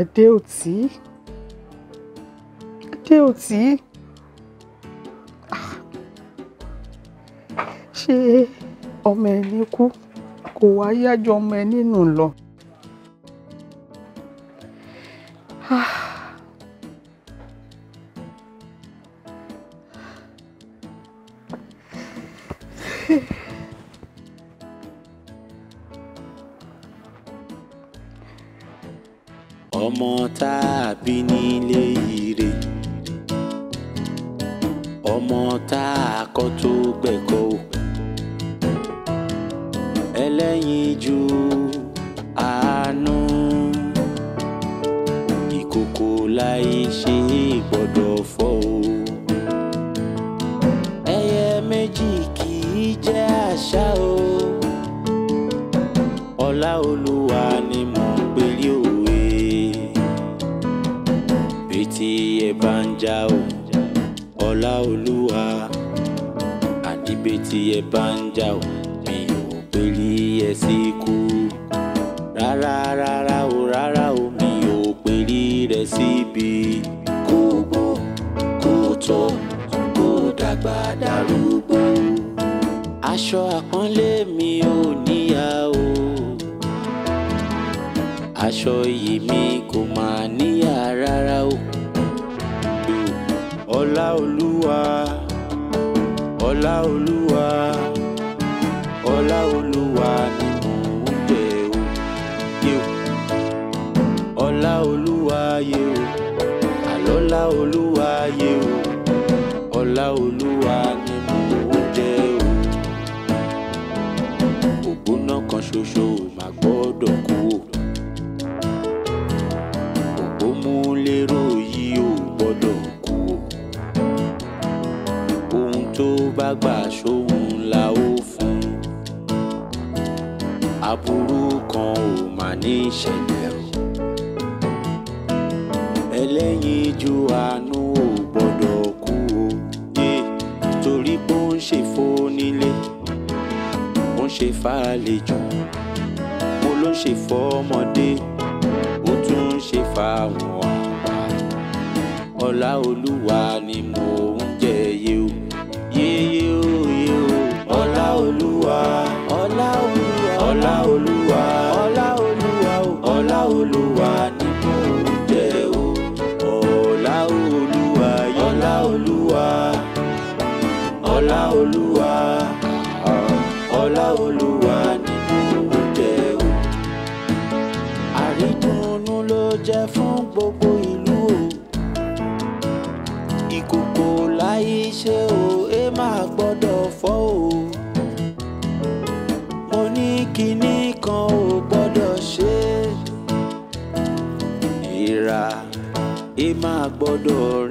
Adéòtí Adéòtí ah. ṣé ọmọ ẹni kú kò wá yájọ ọmọ ẹni nù lọ. gbà sóhun la ó fún aburú kan ò mà ní ṣẹlẹ̀ o ẹlẹ́yinjú àánú ò gbọ́dọ̀ kú o yé torí pé ó ń ṣe fónílé ó ń ṣe fàlejò mo ló ń ṣe fọ́mọdé ó tún ń ṣe fáwọn àgbà ọlá olúwa ni mò ń jẹ́ máa gbọ́dọ̀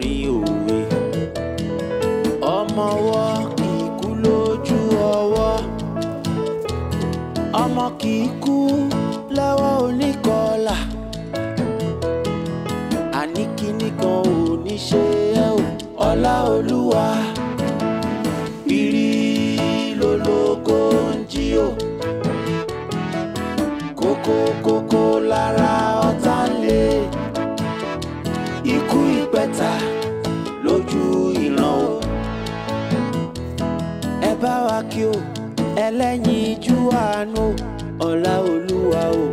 òkè o ẹlẹ́yinjú àánú ọlá olúwa o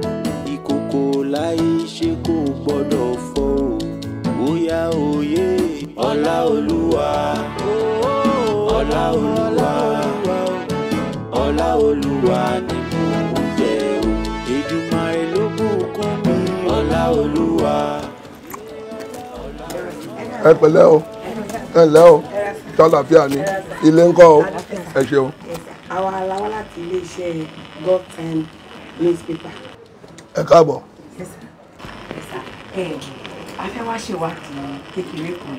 ìkòkò láì ṣe kò gbọ́dọ̀ fọ́ o bóyá òye ọlá olúwa ọlá olúwa ọlá olúwa ni mo ń jẹ o Èdùmàrè ló bùkún mi ọlá olúwa. ẹ pẹ̀lẹ́ o ẹ ǹlẹ́ o tọ́lá ni ilé ńkọ́ o ẹ ṣeun. àwa aláwọ̀ láti iléeṣẹ́ god time newspaper. ẹ káàbọ̀. a fẹ́ wá ṣèwádìí kékeré kan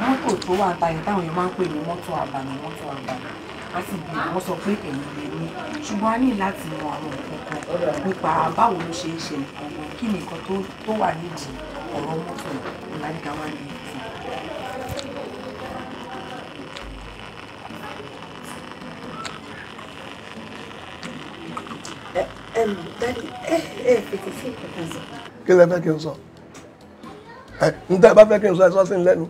mọ́tò tó wà tayọ̀ táwọn èèyàn máa ń pè ní mọ́tò àbàmì mọ́tò àbàmì láti bí wọ́n sọ pé èyí lè ní ṣùgbọ́n a ní láti mọ àwọn nǹkan kan nípa báwo ló ṣe é ṣe nǹkan kí ni nǹkan tó wà nídìí ọ̀rọ̀ mọ́tò ìlànà ìdáwà ní ìtì. ẹ mọ̀ dáàdì ẹ ẹ fètè sí ìkọ̀kan sọ. kí lẹ fẹ́ kí n sọ ẹ n tẹ́ ẹ bá fẹ́ kí n sọ ẹ sọ sí n lẹ́nu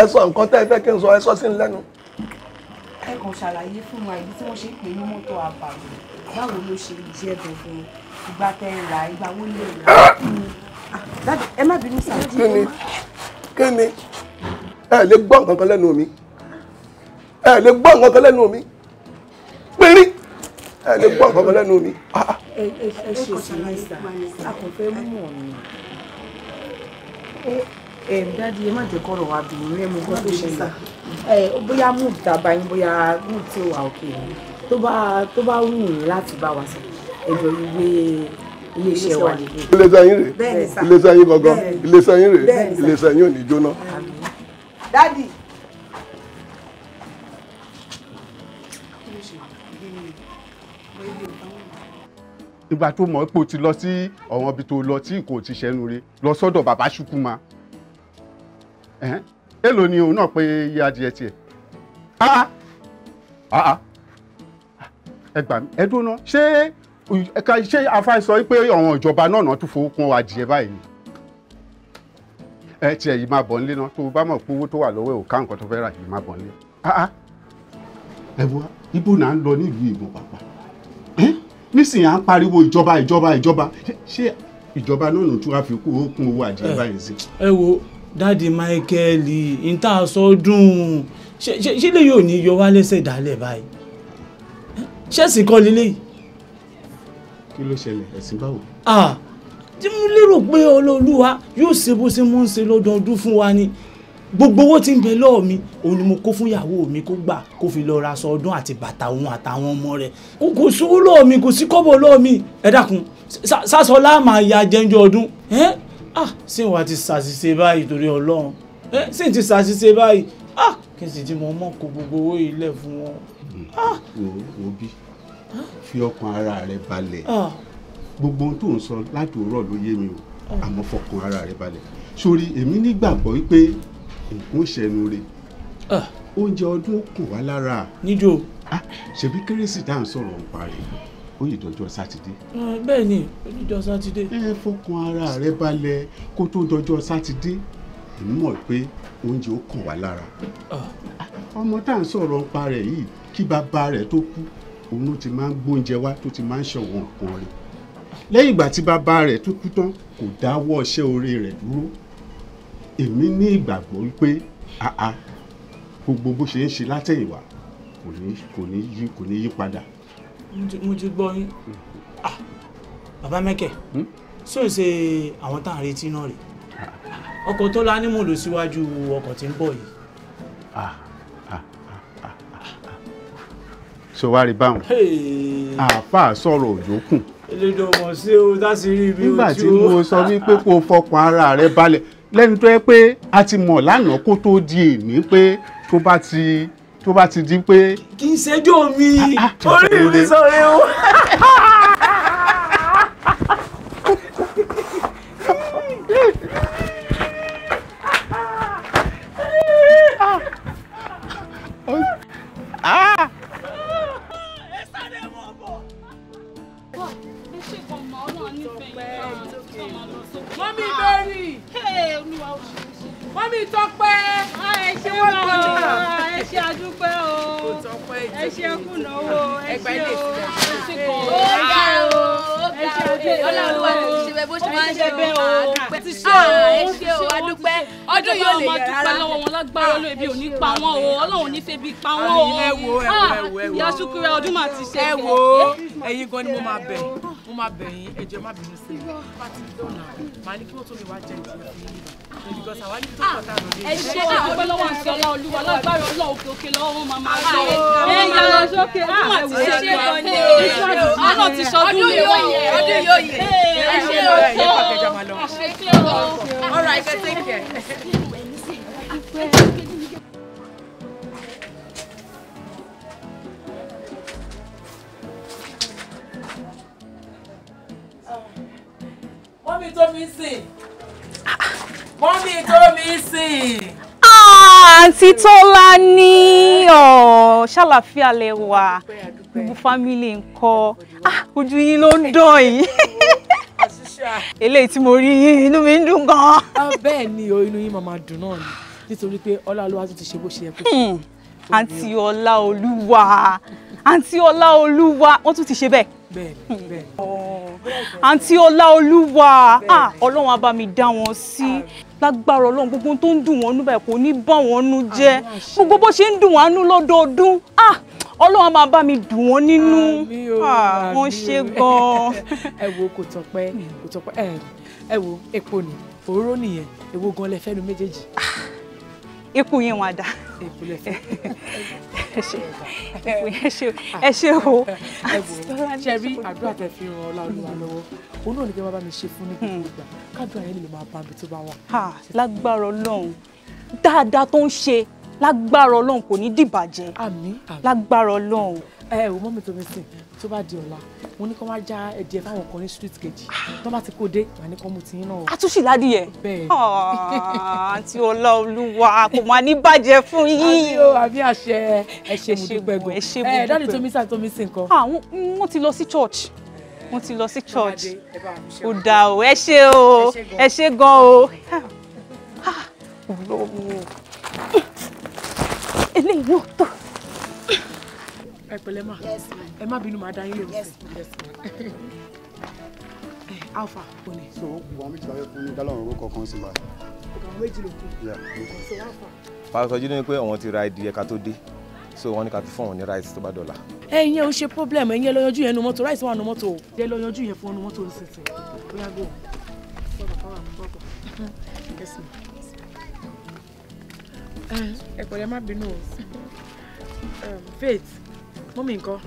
ẹ sọ nǹkan tẹ́ ẹ fẹ́ kí n sọ ẹ sọ sí n lẹ́nu. ẹ kàn ṣàlàyé fún wa ibi tí wọ́n ṣe ń pè ní mọ́tò àbàwọ̀ báwo ló ṣe jẹ́ ẹ̀bẹ̀ fún ìgbà tẹ́ ẹ rà ìgbà wo lè rà. dáàdì ẹ má bínú sáà. kí ni kí ni ẹ lè gbọ́ nǹkan kan lẹ́nu mi ẹ lè gbọ́ nǹkan kan lẹ́nu mi péré ẹ lè gbọ́ nǹkan lẹ́nu mi. ẹ ṣe ṣàlàyé sà a kò fẹ́ mú ọ̀nà ẹ dáàdi ẹ má jẹ́ kọ́rọ̀ wa dùn rí ẹ mú gbọ́dọ̀ ṣẹlẹ̀ ẹ bóyá mú tàbá yín bóyá mú tí ó wà òkè yìí tó bá tó bá wù yín láti bá wa sọ ẹjọ́ ìwé iléeṣẹ́ wa nìyí. iléeṣẹ́ yín rèé iléeṣẹ́ yín gangan iléeṣẹ́ yín rèé iléeṣẹ́ yín ò ní jóná. dáàdi ìgbà tó mọ̀ pé o ti lọ sí ọ̀wọ́n ibi tó lọ tí nǹkan ti ṣẹ́nu re lọ sọ́dọ̀ bàbá ṣukuma èlò ni òun náà pé iye adìẹ tiẹ̀ ah, ah. Ah, ẹ gbà mí ẹ dúró náà ṣé ẹ̀ka ṣé afáì sọ pé àwọn ìjọba náà náà tún fowó kún adìẹ báyìí ni ẹ tiẹ̀ yìí máa bọ̀ nílé náà tó o bá mọ̀ pé owó tó wà lọ́wọ́ ẹ̀ ò ká nǹkan tó fẹ́ rà yìí máa bọ̀ nílé ẹ wá ibo náà ń lọ nílùú ìbò pàápàá nísìnyí à ń pariwo ìjọba ìjọba ìjọba ṣé ìjọba náà nù tún wá fi kú okun owó àjẹ́ eh, báyìí sí. ẹ wo dáàdi Michael níta sọ dùn lè yóò ní yọ wá lẹ́sẹ̀ dálẹ̀ báyìí ṣẹ́sìn kọ́ lélẹ̀ yìí. kí ló ṣẹlẹ̀ ẹ̀sìn báwo. Ah, tí mo lérò pé olóòlùwà yóò ṣe bó ṣe mọ́ ń ṣe lọ́dọọdún fún wa ni gbogbo owó tí ń bẹ lọ́ọ̀ mi òun ni mo kó fún ìyàwó mi kó gbà kó fi lọ́ọ́ ra aṣọ ọdún àti bàtà òun àtàwọn ọmọ rẹ̀ kò sówó lọ́ọ̀ mi kò sí kọ́bọ̀ lọ́ọ̀ mi ẹ dákun sásọ láàmà ya jẹ́njọ́ ọdún ẹ́ ah ṣé wàá ti ṣàṣìṣe báyìí torí ọlọ́run ẹ́ ṣé ti ṣàṣìṣe báyìí ah kí n sì ti mọ ọmọ kó gbogbo owó yìí lẹ̀ fún wọn. òbí ah. fi ọkàn ara rẹ balẹ̀ ah. gbogbo ohun tó ń sọ láti òwúrọ̀ ló yé mi o ah. àmọ́ fọkàn ara rẹ balẹ̀ sórí èmi nígbàgbọ́ wípé nǹkan ìṣẹ́nu re ah. oúnjẹ ọdún kùn wá lára. níjó. Ah, ṣebí kérésì tá à ń sọ̀rọ̀ ń parí ó yìí dọjọ́ sátidé. Ah, bẹ́ẹ̀ ni ó dọjọ́ sátidé. ẹ fọkàn ara rẹ balẹ̀ kó tó dọjọ́ sátidé èmi mọ̀ pé oúnjẹ ó kàn wá lára. ọmọ tá à ń sọ̀rọ̀ ń parẹ̀ yìí kí bàbá rẹ̀ tó kú òun ló ti máa ń gbóúnjẹ wá tó ti máa ń ṣọ̀wọ́n nǹkan rẹ̀ lẹ́yìn ìgbà tí bàbá rẹ̀ tó kú tán kò dáwọ́ iṣẹ́ orí rẹ̀ dúró èmi ní ìgbàgbọ́ wípé àá gbogbo bó ṣe ń ṣe látẹ̀yìnwá kò ní kò ní yí kò ní yí padà. mo ti gbọ́ yín hmm. ah, bàbá mẹ́kẹ̀ hmm? ṣé ò ṣe àwọn tá à ń retí náà rè ah. ọkọ̀ tó lání mò lò síwájú ọkọ̀ tí ń bọ̀ yìí. Ah, ṣé wàá rí báwọn àáfàá sọ̀rọ̀ òjòkùn. elédò mọ̀ sí o láti rí ibi ojú. nígbà tí mo sọ wípé kó o fọkàn ara rẹ balẹ̀ lẹ́ni tó yẹ pé a ti mọ̀ lánàá kó tó di èmi pé tó bá ti tó bá ti di pé. kì í ṣẹjọ́ mi ah, ah, orí mi sọ̀rọ̀ o. Ah! ah. mọ́mí ìbéèrè. mọ́mí tọpẹ́. Ah, ẹ ṣe wọ́n o ah, ẹ ṣe àdúpẹ́ o ẹ ṣe kùnàwó ẹ ṣe o ẹ ṣe kò ó ga o ẹ ṣe àdúpẹ́ o ọlọ́run tó ṣe bẹ́ẹ̀ bó ṣe máa ń ṣe o àdúpẹ́ ah, ti ṣe o ẹ ṣe o àdúpẹ́ ọdún yóò lè yẹ rárá. ọdún yóò máa dúpẹ́ lọ́wọ́ wọn lágbára olóyè bí òní pa wọn o ọlọ́run ní febi pa wọn o. ẹ wo ẹ wo ẹ wo ìyá sukura ọdún máa ti ṣe. ẹ wo ẹ̀yin gan ni mo máa bẹ̀ máa bẹ̀ yín ẹ má bínú sí i pàtí ní kí wọ́n tún lè wá jẹ ìjìyà fún yín because mọ́mí tó mi sìn. mọ́mí tó mi sìn. àǹtí Tọ́lání ọ̀ ṣàlàfíà lẹ wà gbogbo fámìlì ńkọ́ ojú yín ló ń dán yìí eléyìí tí mo rí inú mi ń dùn gan bẹ́ẹ̀ ni o inú yín máa máa dùn náà ni nítorí pé ọlá olúwa ti ṣe bó ṣe yẹ kó hmm. àǹtí ọlá olúwa àǹtí ọlá olúwa wọ́n tún ti ṣe bẹ́ẹ̀ àǹtí ọláolúwa ah, ọlọ́run á bá mi dá wọn sí lágbára ọlọ́run gbogbo tó ń dùn wọ́n nú báyìí kò ní bá wọn nú jẹ́ gbogbo bó ṣe ń dùn wọ́n nú lọ́dọọdún ah, ọlọ́run máa bá mi dùn ah, wọ́n nínú wọ́n ṣe gan-an. ẹ wo kò tọpẹ kò tọpẹ ẹ wo epo ni òróró nìyẹn èwo gan lẹ fẹnu méjèèjì ikú yín wọn da. ẹ ṣe ẹ o. ṣe rí àdúrà tẹ fi ràn ọlọ́run lọ́wọ́ òun náà ní kí wọ́n bá mi ṣe fún ní gbogbo hmm. ìgbà kádùn àyẹ̀lẹ̀ ló máa bá mi tó bá wà. lágbára ọlọ́run dáadáa tó ń ṣe lágbára ọlọ́run kò ní dìbàjẹ́ àmín lágbára ọlọ́run. ẹ ò mọ́ mi tó mi sìn tó bá di ọ̀la mo ní kó wá já ẹdìẹ fáwọn kan ní street kejì tó bá ti kó dé màá ní kó mu tiyín náà. àtúnṣe ládìyẹ bẹ́ẹ̀ ah, àǹtí ọláolúwa kò máa ní bàjẹ́ fún yín. àbí àṣẹ ẹ ṣe mo dúpẹ́ gan ẹ ṣe mo dúpẹ́ ẹ dáàdi tómi sáà tómi sí nǹkan. àwọn ah, wọn ti lọ sí church wọn ti lọ sí church ó dà o ẹ ṣe o ẹ ṣe gan o. Ah, ọlọ́run eléyìí náà tó. ẹ pẹ̀lẹ́ ma ẹ má bínú máa dá yín lóhùn sí i eh, alpha kò ní. so wọn méjì láyé fún gálọ̀nù owó kọ̀ọ̀kan sí wa. ọ̀gá méjì ló kù. so alpha. pásítọ̀ jíde ni pé àwọn ti ra ẹdí ẹ̀ka tó dé so wọn ní ká ti fún òun ní rice tó bá dọ̀là. ẹ ìyẹn ò ṣe problem ẹ̀yin lọ yanjú yẹn nu mọ́tò rice wà nu mọ́tò o. ẹ lọ yanjú yẹn fún ọnu mọ́tò nísinsìnyí. ó yàgò sọ̀rọ̀ ẹ kò má bínú o um, faith mọ́mí nǹkan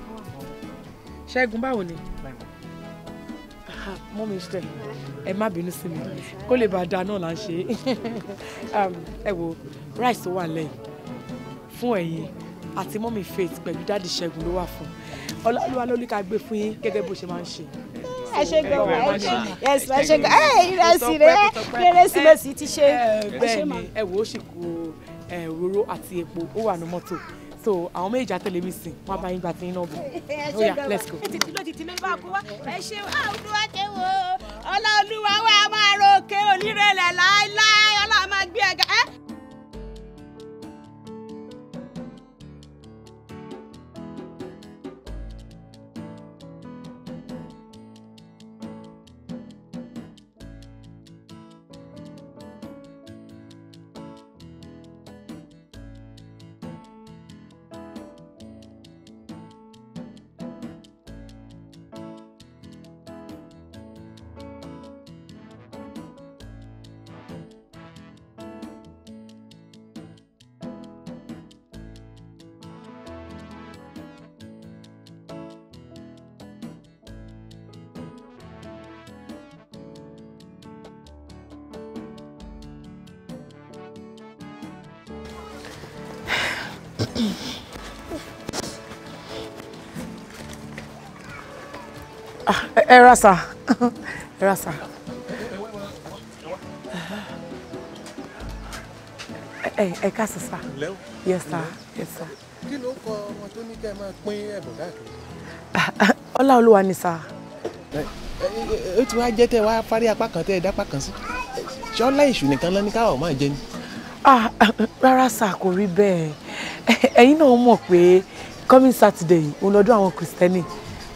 ṣẹ́gun báwo ni mọ́mí ṣe ẹ má bínú sí mi kó lè bá dáa náà là ń ṣe um, ẹ wo rice tó wà lẹ́yìn fún ẹ̀yin àti mọ́mí faith pẹ̀lú dáàdì ṣẹ́gun ló wà fún ọlọ́lúwa ló ní ká gbé fún yín gẹ́gẹ́ bó ṣe máa ń ṣe ẹ ṣe gan wa ẹ ṣe ẹ ṣe gan ẹ ìrẹsì rẹ ìrẹsì rẹ sì ti ṣe. bẹ́ẹ̀ni ẹ wò ó sì kú o òróró eh, àti epo ó wà ní mọ́tò so àwọn méjì àtẹlẹ mi sìn wọn bá yín gba tiyín náà bọ ó yá let's go. títí ló títí ló bá wá ẹ ṣeun àwùjọ àjẹwò ọlọ́ọ̀lùwà wa máa ro òkè onírẹ̀lẹ̀ láéláé. Erasa, eh, eh, Erasa. Eh, hey, ẹ ra sà. yes sir. yes sir. kí ló kọ ọmọ tó ní kẹ́ ẹ máa pín ẹ̀bùn káàkiri. ọlá olúwa ni sà. ó ti wá jẹ́ tẹ́ wá parí apá kan tẹ́ ẹ dápá kan sí ṣọ́lá ìṣù nìkan lọ ní káwọn máa jẹ ni. Ah, rárá sà kò rí bẹ́ẹ̀ ẹ̀yin náà mọ̀ pé coming Saturday òun do àwọn Kristẹni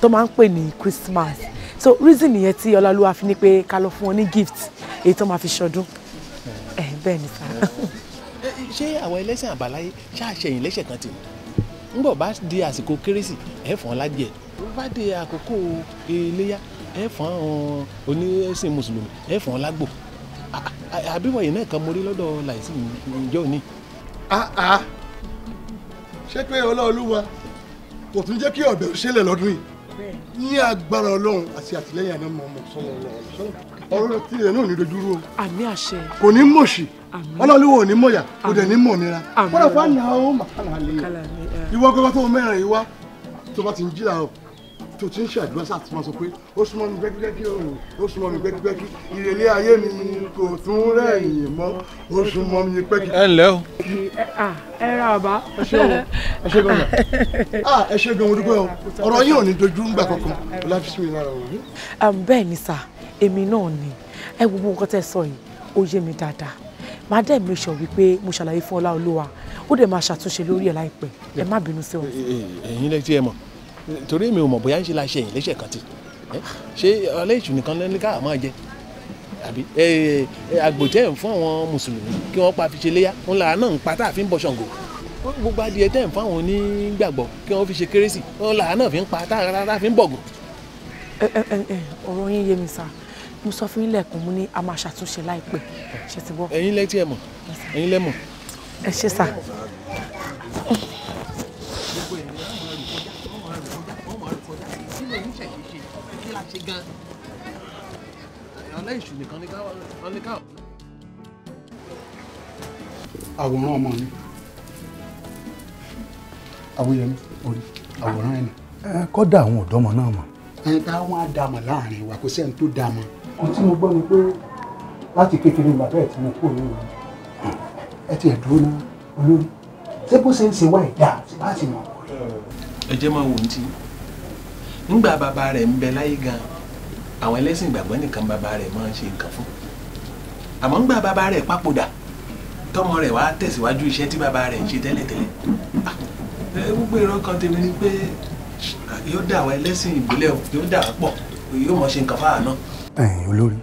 tó máa ń pè ní Christmas so reason nìyẹn tí ọlálúwa fi ní pé ká lọ fún wọn ní gift èyí tó máa fi ṣọdún ẹ bẹ́ẹ̀ ni sá. ṣé àwọn ẹlẹ́sìn àbáláyé ṣáàṣẹyìn lẹ́sẹ̀ kan tì ń bọ̀ bá di àsìkò kérésì ẹ̀ fọ́n lájẹ̀ bá di àkókò iléyà ẹ̀ fọ́n oníṣìn mùsùlùmí ẹ̀ fọ́n lágbò àbíwọ̀nyí náà kan mo lọ́dọ̀ láìsí ìjọ òní. ṣé pé ọlọ́ọ̀lúwa kò tún jẹ́ kí ọ̀bẹ̀ ṣẹlẹ̀ lọ́dún yìí ní agbára ọlọ́run àti àtìlẹ́yìn àná mọ̀ ọmọ sọ́wọ́ ọlọ́run ọ̀rọ̀ tilẹ̀ náà ní dojúrú o. àmì àṣẹ. kò ní mọ̀ṣì ọlọ́lúwọ̀ ò ní mọ̀yà kò dẹ̀ ní mọ̀nira wọ́n àná ọ̀hún màkàlà lè yẹ ìwọ tó mẹ́rin ìwá tó bá ti ń jí làárọ̀ tó ti ń ṣàdúrà sáà tí wọ́n sọ pé ó súnmọ́ mi gbẹ́kígbẹ́kí o ó súnmọ́ mi gbẹ́kígbẹ́kí ìrèlé ayé mi kò tún rẹ̀yìn mọ́ ó súnmọ́ mi pẹ́kí. ẹ ǹlẹ́ o. Ah, ẹ ra àbá. ẹ ṣe gan ẹ ṣe gan ah, ẹ ṣe gan olùkọ́ o ọ̀rọ̀ yìí ò ní dojú ńgbà kankan ọláfíìsì mi lára wọn. bẹ́ẹ̀ ni sà èmi náà ni ẹ gbogbo nǹkan tẹ́ sọ yìí ó yé mi dáadáa màá dẹ̀ mi sọ wípé mo ṣàlàyé fún Ọláolúwa ó dẹ̀ máa ṣàtúnṣe lórí ẹ̀ láìpẹ́ ẹ má bínú sí wọn. ẹ̀yin lẹ́tí ẹ mọ̀ torí mi ò mọ̀ bóyá ń ṣe la ṣe èyìn léṣe kan ti ṣé ọlẹ́yìn nìkan lẹ́ni ká máa jẹ àbí àgbòtẹ́ ń fún àwọn mùsùlùmí kí wọ́n pa fi ṣe léyà ń la náà ń pa tá a fi ń bọ Ṣàngó gbogbo adìyẹ tẹ́ ń fún àwọn onígbàgbọ́ kí wọ́n fi ṣe kérésì ń la náà fi ń pa tá a fi ń bọ̀gùn. ọ̀rọ̀ yín yé mi sá mo sọ fún yín lẹ́ẹ̀kan mo ní a máa ṣàtúnṣe láìpẹ́ ṣe ti bọ́. ẹ̀yin lẹ́tí ẹ̀ mọ̀ ẹ̀yin lẹ́mọ̀. ẹ ṣe sá. gan ọlẹ́ ìṣù nìkan ní ká. àwòrán ọmọ mi àwòyẹmí orí àwòrán ẹni. kọ́dà àwọn ọ̀dọ́mọ náà mọ̀. ẹni tá wọn á dààmú láàrin wa kò sẹ́ni tó dààmú. ohun tí mo gbọ́ ni pé láti kékeré bàbá ẹ̀ tí mo kúrò nínú ẹ ti ẹ̀ dúró ná olórí ṣé bó ṣe ń ṣe wá ìdá láti mọ̀. ẹ jẹ́ máa wò ó ti nígbà bàbá rẹ̀ ń bẹ láyé gan-an àwọn ẹlẹ́sìn ìgbàgbọ́ nìkan bàbá rẹ̀ máa ń ṣe nǹkan fún àmọ́ ń gba bàbá rẹ̀ papòdà tọmọ rẹ̀ wàá tẹ̀síwájú iṣẹ́ tí bàbá rẹ̀ ń ṣe tẹ́lẹ̀tẹ́lẹ̀ ah, gbogbo ìran kan tèmi ni pé ah, yóò dà wá ẹlẹ́sìn ìbílẹ̀ yóò dà wá pọ̀ yóò mọ̀ ṣe nǹkan fáà náà. ẹ̀yin olórí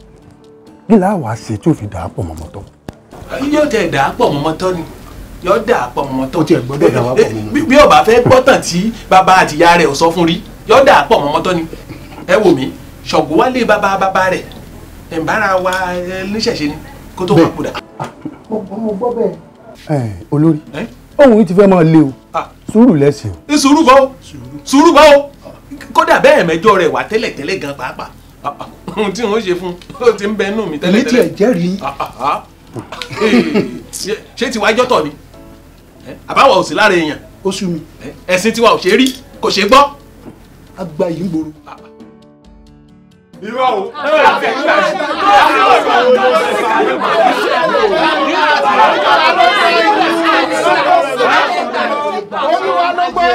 kí láà wá ṣe tí ò fi dà á pọ̀ mọ́mọ́ tọ́. Ah, yóò tẹ dà á pọ̀ mọ́mọ́ tọ́ ni yóò dà á pọ̀ mọ́mọ́ tọ́. o tiẹ̀ gbọ́dọ̀ dà wá pọ̀ mọ́mọ́ tọ́. Eh, bí o bá fẹ́ gbọ́tàn tí bàbá àtìyá rẹ̀ ò sọ fún rí yóò dà á pọ̀ mọ́mọ́ tọ́ ni ẹ wò mí ṣọ̀gbọ́n wálé bàbá bàbá rẹ̀ ẹ̀ǹbára wa níṣẹ̀ṣe ni kó tó wà kúdà. mo gbọ́ bẹ́ẹ̀. ẹ olórí ohun yìí ti fẹ́ máa le o ah. sùúrù lẹ́sìn. sùúrù kọ́ sùúrù kọ́ kódà bẹ́ẹ̀ mẹ́jọ rẹ̀ wà tẹ́lẹ̀tẹ́lẹ̀ gan pàápàá ohun tí wọ́n ṣe fún ó ti ń bẹ inú mi tẹ́lẹ̀tẹ́lẹ̀. èmi tiẹ̀ jẹ́rìí. ṣé tiwa jọ́tọ̀ ni àbáwọ̀ ò sí lára èèyàn. ó sú mi. ẹ̀sìn tiwa ò ṣe rí kò ṣe gbọ́. àgbà yìí ń gbòòrò. Ah, irọ́ o olúwa ló gbé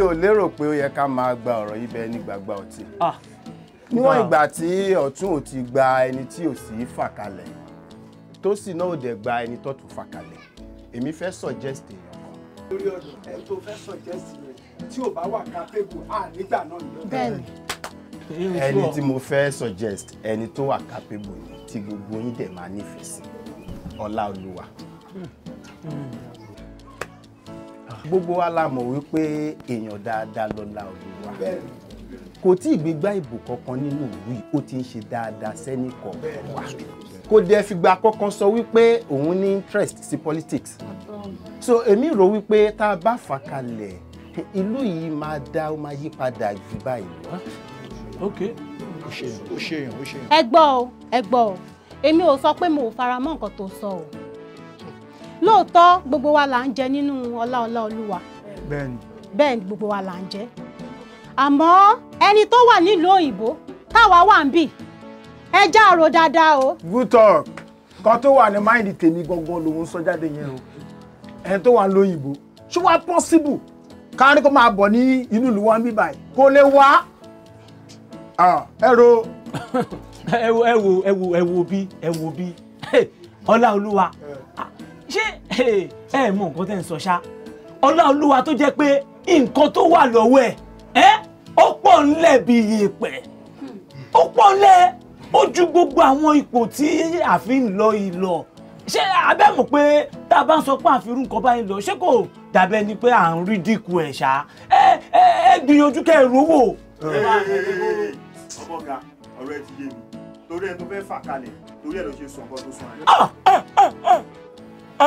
ò lérò pé ó yẹ ká máa gba ọ̀rọ̀ yìí bẹ́ẹ̀ ní gbàgbà ọtí ah. níwọ̀n ìgbà tí ọ̀tún ò ti gba ẹni tí ò sí fà kalẹ̀ tó sì náà ò dẹ̀ gba ẹni tó tún fà kalẹ̀ èmi fẹ́ suggest lórí ọ̀dọ̀ ẹ tó fẹ́ suggest tí ò bá wà capable à nígbà náà ni. bẹ́ẹ̀ni. ẹni tí mo fẹ́ suggest ẹni tó wà capable ni tí gbogbo yín dẹ̀ máa nífẹ̀ẹ́ sí ọlá olúwa. gbogbo wa la mọ̀ wípé èèyàn dáadáa lọ́lá olúwa kò tí ì gbégbá ìbò kankan nínú ìlú yìí ó ti ń ṣe dáadáa sẹ́ni kọ̀ọ̀kan wa kò dẹ̀ fìgbà kankan sọ wípé òun ní interest sí politics so èmi rò wípé tá a bá fà kalẹ̀ pé ìlú yìí máa dá ó máa yí padà jù báyìí ok o ṣe yàn ṣe yàn ṣe ẹ gbọ́ o ẹ gbọ́ o èmi ò sọ pé mo ò fara mọ́ nǹkan tó sọ o lóòótọ́ gbogbo wa là ń jẹ nínú ọlá ọlá olúwa bẹ́ẹ̀ni bẹ́ẹ̀ni gbogbo wa là ń jẹ àmọ́ ẹni tó wà nílùú òyìnbó táwa wà ń bì ẹ já àrò dáadáa o. good talk kan tó wà ní máìlì tèmi gangan lòun sọ jáde yẹn o ẹni tó wà lóyìnbó ṣé wàá possible kárí kó máa bọ̀ ní inú ìlú wọn bí báyìí kó lè wá ẹ̀rọ. ẹ wo ẹ wo ẹ wo ẹ wo bí ẹ wo bí ọlá olúwa eh. ṣé ẹ ẹ mọ nǹkan tẹ́ ń sọ ṣá ọlá olúwa tó jẹ́ pé nǹkan tó wà lọ́wọ́ ẹ̀ ẹ́ ó pọ̀ ńlẹ̀ bí yèèpẹ̀ ó pọ̀ ńlẹ̀ ó ju gbogbo àwọn ipò tí àfi ń lọ ìlọ ṣé abẹ́ mọ̀ pé tá a bá ń sọ pé àfirú nǹkan báyìí lọ ṣé kò dàbẹ́ ni pé à ń rí dínkù ẹ̀ ṣá ẹ ẹ ẹ gbìyànjú kẹ́ ẹ rówó. ọmọ ọ̀gá ọ̀rọ̀ ẹ ti yé mi torí ẹ tó fẹ́ fà kalẹ̀ torí ẹ ló ṣe sọ nǹkan tó sọ ẹ. Ah, ah, ah,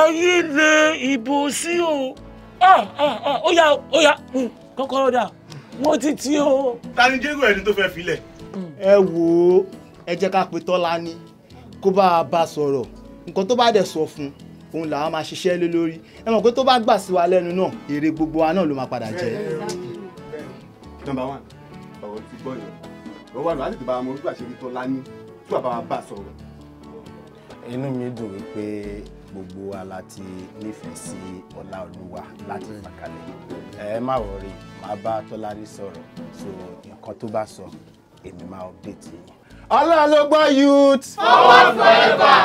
ayé lè ìbò sí o ó yá ó yá hmm, kọ́kọ́rọ́ dà mo ti ti o. ta ni jẹ́gùn ẹni tó fẹ́ filẹ̀. Hmm. ẹ wò ẹ jẹ́ ká pe Tọ́lání kó bá a bá sọ̀rọ̀ nǹkan tó bá dẹ̀ sọ fún òun làwa máa ṣiṣẹ́ lé lórí ẹ mọ̀ pé tó bá gbà sí wa lẹ́nu náà èrè gbogbo wa náà ló máa padà jẹ́. nọ́mbà one ọ̀rọ̀ ti gbọ́ yẹn ọ̀rọ̀ wà lọ àti ìdìbò àwọn olùgbà ṣe rí tó lání tí bàbá wa inú mi dùn wípé gbogbo wa la nífẹ̀ẹ́ sí ọlá olúwa láti fàkalẹ̀ ẹ má wọrí màá bá tọ́lání sọ̀rọ̀ so nǹkan tó bá sọ èmi máa update yín. Ọlọ́ọ̀lọ́gbọ́ youth. Forward forever.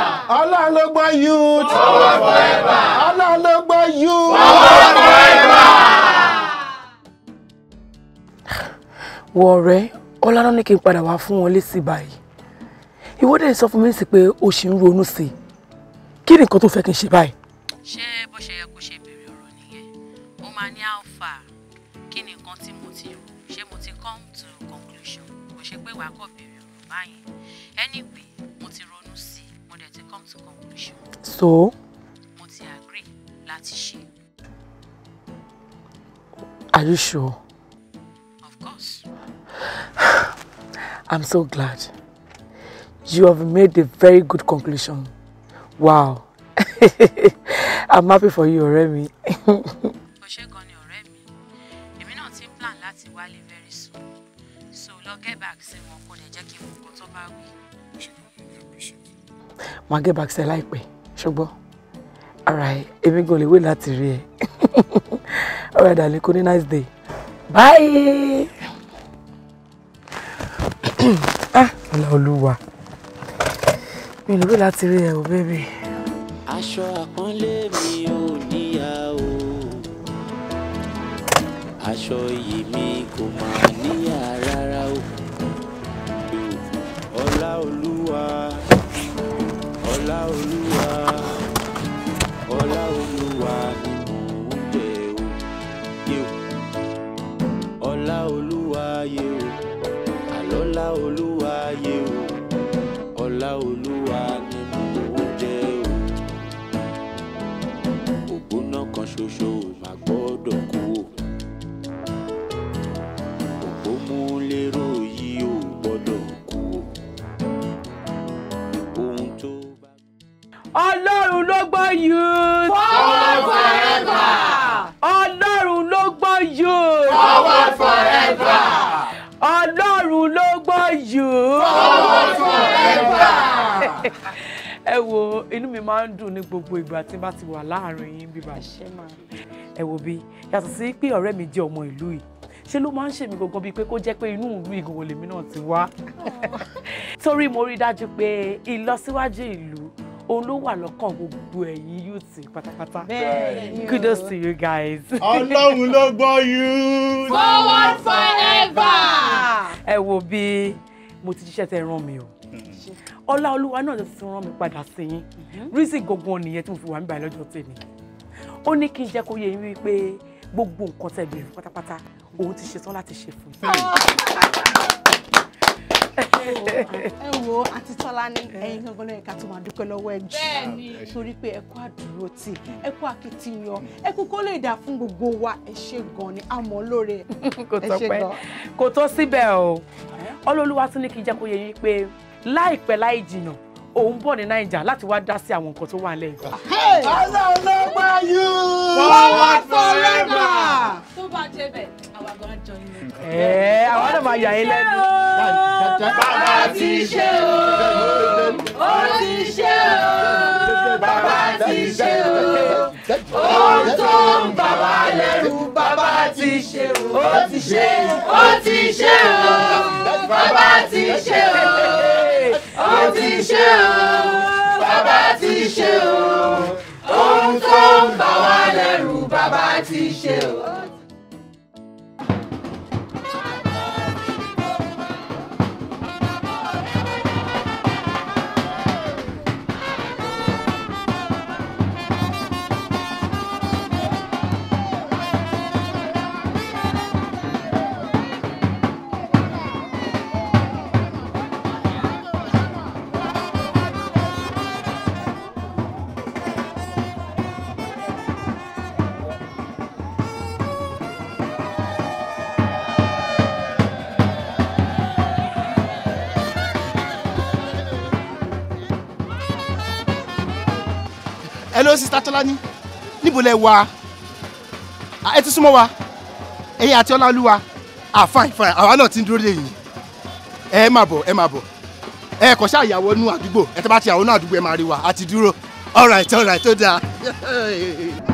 Ọlọ́ọ̀lọ́gbọ́ youth. Forward forever. Ọlọ́ọ̀lọ́gbọ́ youth. Forward forever. Wọ ọ̀rẹ́, Ọlọ́lá ní kí n padà wá fún wọn lésì báyìí. Ìwọ dẹ̀ sọ fún mi sí pé o ṣì ń ronú sí i. Kí ni nǹkan tó fẹ́ kí n ṣe báyìí? Ṣé bó ṣe yẹ kó ṣe so. mo ti agree láti ṣe. are you sure. of course. i'm so glad you have made a very good conclusion wow i'm happy for you ọ̀rẹ́ mi. ọṣẹ gan ni ọ̀rẹ́ mi èmi náà ti ń plan láti wálé very soon so lọ get back sí wọn kó lè jẹ́ kí n mọ tó bá wí. máa get back sí ẹ láìpẹ́ ṣùgbọ́n ara ẹ̀ èmi gan lè wé láti rí ẹ all right darling kò ní nice day bye. ah ọlá olúwa mi ò lè wé láti rí ẹ o bébì. aṣọ àpọ́nlé mi ò níyà aṣọ iyì mi kò máa níyà rárá o ọlá olúwa ọlá olúwa. yé o àlọ́lá olúwa yé o ọlá olúwa ni mò ń jẹ o ògbóná kan ṣoṣo ò gbọ́dọ̀ kú o ògbómúlérò yìí ò gbọ́dọ̀ kú o ohun tó bá. ọlọ́run ló gbọ́ yìí. ẹ wo inú mi máa ń dùn ní gbogbo ìgbà tí n bá ti wà láàárín yín bíbá ẹ wo bí yàtọ̀ sí pé ọ̀rẹ́ mi jẹ́ ọmọ ìlú yìí ṣe ló máa ń ṣèmi gangan bíi pé kó jẹ́ pé inú ìlú ìgòwò lèmi náà ti wá torí mo rí dájú pé ìlọsíwájú ìlú òun ló wà lọ́kàn gbogbo ẹ̀yin yúùtì pátápátá kudos to you guys. ọlọ́run ló gbọ́ you. forward forever. ẹ wo bí mo ti ṣiṣẹ́ tẹ ràn mí o ọlá olúwa náà ló ti rán mi padà sí yín mhm. rísì gangan nìyẹn tí mo fi wà níbàyí lọ́jọ́ tèmi ó ní kí n jẹ́ kó yé yín wípé gbogbo nǹkan tẹ̀ bèrè pátápátá òun ti ṣetán láti ṣe fún yín. ẹ wo àti tọ́lá ní ẹ̀yin gangan lẹ́yìn ká tó máa dúpẹ́ lọ́wọ́ ẹ jù torí pé ẹ kú àdúró tì ẹ kú akitiyan ẹ kú kó lè dà fún gbogbo wa ẹ ṣe gan ni àmọ́ lóore ẹ ṣe gan. kò tó síbẹ̀ o ọlọ́lúwa tún ní kí n jẹ́ kó yé yín pé láìpẹ́ láì jìnnà òun bọ̀ ní naija láti wá dá sí àwọn nǹkan tó wà lẹ́yìn. ọ̀sẹ̀ ọlọ́pàá yù forward forever. tó bá jẹ bẹ́ẹ̀ àwa gan jọ ilé. ẹ àwa náà máa yà yín lẹ́nu. bàbá ti ṣe o ó ti ṣe o bàbá ti ṣe o ohun tó ń bà wá lẹ́rù bàbá ti ṣe o ó ti ṣe o ó ti ṣe o bàbá ti ṣe o ó ti ṣe o bàbá ti ṣe o ohun tó ń bà wá lẹ́rù bàbá ti ṣe o. hello sista tọ́lání níbo lẹ wà ẹ ti súnmọ́ wa ẹ̀yin àti ọláolúwa ah fine fine àwa náà ti ń dúró dè yín ẹ má bọ̀ ẹ má bọ̀ ẹ kò ṣáà yàwó nú àdúgbò ẹ tẹ́ bá ti yàwó nú àdúgbò ẹ máa rí wa a dúró all right all right tó dáa.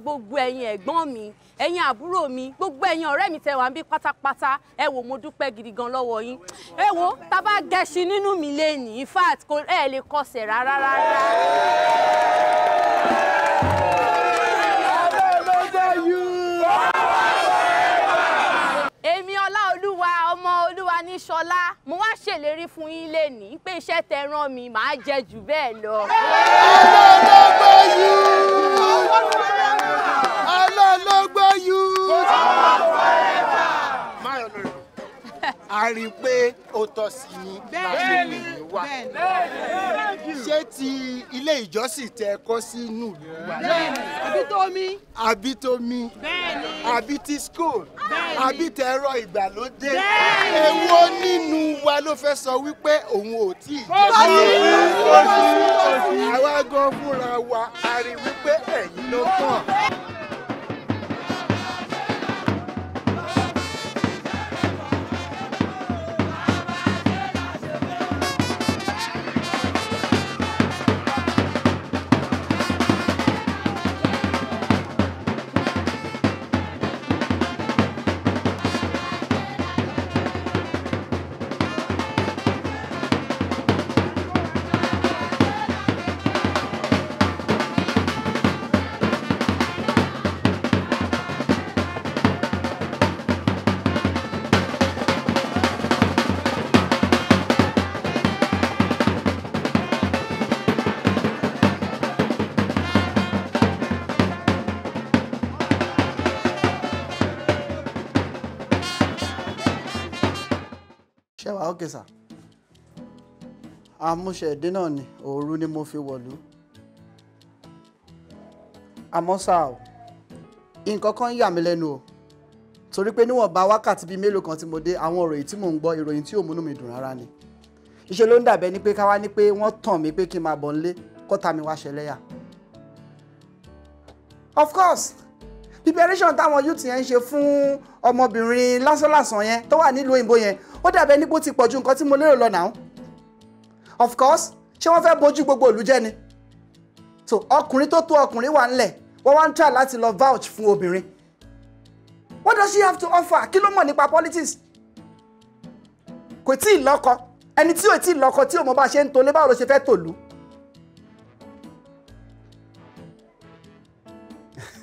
gbogbo ẹ̀yin ẹ̀gbọ́n mi ẹ̀yin àbúrò mi gbogbo ẹ̀yin ọ̀rẹ́ mi tẹ́ wà ń bí pátápátá ẹ wò mo dúpẹ́ gidi gan lọ́wọ́ yín ẹ wò tá bá gẹṣin nínú mi lè ní in fact kò ẹ lè kọsẹ̀ rárá rárá. ọ̀rẹ́ ló dé yú èmi ọlá olúwa ọmọ olúwa ní ṣọlá mo wá ṣèlérí fún yín lénìí pé iṣẹ́ tẹ rán mi màá jẹ jù bẹ́ẹ̀ lọ. ọlọ́lọ́gbọ́yù ọlọ́lọ́gbọ́yù a rí i pé ó tọ́ sí i láti lè wá ṣé ti ilé ìjọsìn tẹ kọ́ sínú ìlú wa. àbí tómi. àbí tómi. àbí ti school. àbí tẹ̀rọ ìgbàlódé. èwo nínú wa ló fẹ́ sọ wípé òun ò tí ì jẹ́ àwa gan fúnra wa a rí i wípé ẹ̀yin ló kàn. Ah, okay, sir àmúṣẹ̀dé náà ni òru ni mo fi wọ̀lú àmọ́ ṣá o nǹkan kan yà mí lẹ́nu o torí pé níwọ̀nba wákàtí bíi mélòó kan tí mo dé àwọn ìròyìn tí mò ń gbọ́ ìròyìn tí ò múnú mi dùn rárá ni ìṣe ló ń dàbẹ́ ni pé ká wá ní pé wọ́n tàn mí pé kí n máa bọ̀ nílé kọ́ta mi wá ṣẹlẹ́yà of course preparation táwọn youth yẹn ń ṣe fún ọmọbìnrin lásánlàsàn yẹn tó wà nílùú òyìnbó yẹn ó dàbẹ nípò ti pọ̀jù nǹkan tí mo lérò lọ náà of course ṣé wọ́n fẹ́ bójú gbogbo ìlú jẹ́ ni so ọkùnrin tó tó ọkùnrin wà ńlẹ̀ wọ́n wá ń try láti lọ vouch fún obìnrin what does she have to offer kí ló mọ̀ nípa politics kò tí ì lọ́kọ ẹni tí ò tí ì lọ́kọ tí òun bá ṣe ń tolé báwo ló ṣe fẹ́ tòlú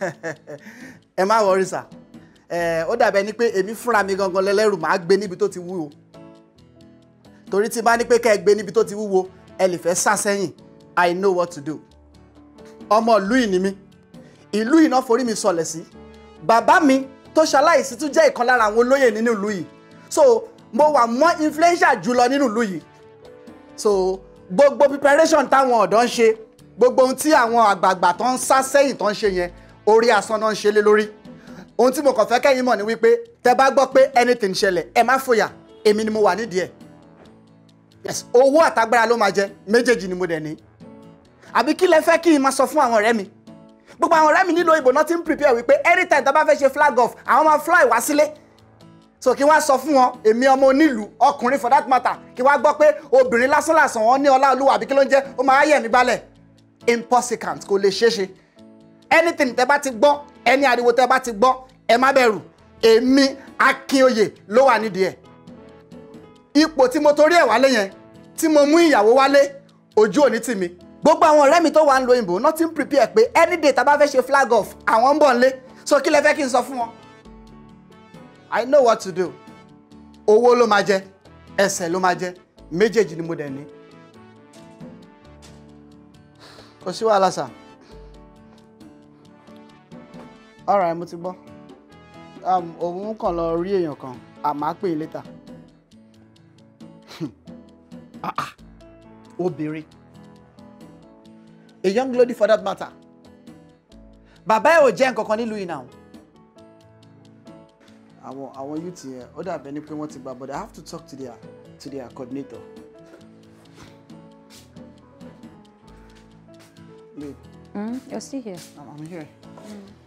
ẹ má wọrí sà ẹ ó dàbẹ ni pé èmi fúnra mi gangan lẹlẹrù máa gbé níbi tó ti wúwo torí tí bá ní pé kẹ ẹ gbé níbi tó ti wúwo ẹ lè fẹ́ sá sẹ́yìn i know what to do ọmọ ìlú yìí ni mí ìlú yìí náà forí mi sọlẹ̀ sí bàbá mi tó ṣaláìsí tún jẹ́ ìkan lára àwọn olóyè nínú ìlú yìí so mo wà mọ́ influential jùlọ nínú ìlú yìí so gbogbo preparation táwọn ọ̀dọ́ ń ṣe gbogbo ohun tí àwọn àgbààgbà tó ń sá sẹ́yìn tó ń ṣe yẹn orí asán náà ń ṣe lé lórí ohun tí mo kàn fẹ́ kẹ́yìn mọ̀ ni wípé tẹ́ bá gbọ́ pé anything ṣẹlẹ̀ ẹ má fòyà èmi ni mo wà nídìí ẹ̀ yes owó àtagbára ló máa jẹ méjèèjì ni mo dẹ̀ ní àbí kí lẹ fẹ́ kí n máa sọ fún àwọn ọ̀rẹ́ mi gbogbo àwọn ọ̀rẹ́ mi nílò ìbò náà prepare wípé anytime tá a bá fẹ́ ṣe flag off àwọn máa fly wá sílé so kí wọ́n sọ fún wọn èmi ọmọ onílù ọkùnrin for that matter kí wọ́n gbọ́ pé obìnrin lásán làsàn wọn ní ọlá olúwa àbí kí ló ń jẹ́ ó máa yẹ̀ mí gbálẹ̀ impossible kò lè ṣeé anything tẹ bá ti gbọ́ ẹni ariwo tẹ bá ti gbọ́ ẹ má bẹ̀rù èmi Akínoyè ló wà nídìí ẹ̀ ipò tí mo torí ẹ̀ wálé yẹn tí mo mú ìyàwó wálé ojú òní tì mí gbogbo àwọn ọ̀rẹ́ mi tó wà ń lo òyìnbó nothing prepare pé any day tá bá fẹ́ ṣe flag off àwọn ń bọ̀ ń lé so kí lẹ fẹ́ kí n sọ fún wọn. I know what to do owó ló máa jẹ ẹsẹ̀ ló máa jẹ méjèèjì ni mo dẹ̀ ní. kò sí wàhálà sáà alright mo ti gbọ́ um, òun kàn lọ rí èèyàn kan àmọ́ á pè é létà ah, ah, obìnrin a young lady for that matter bàbá ẹ ò jẹ́ nǹkan kan nílùú yìí náà àwọn àwọn youth yẹn ó dàbẹ ni pé wọ́n ti gbà but I have to talk to their to their coordinator. Babe. Mm, you're still here. I'm, I'm here. Mm.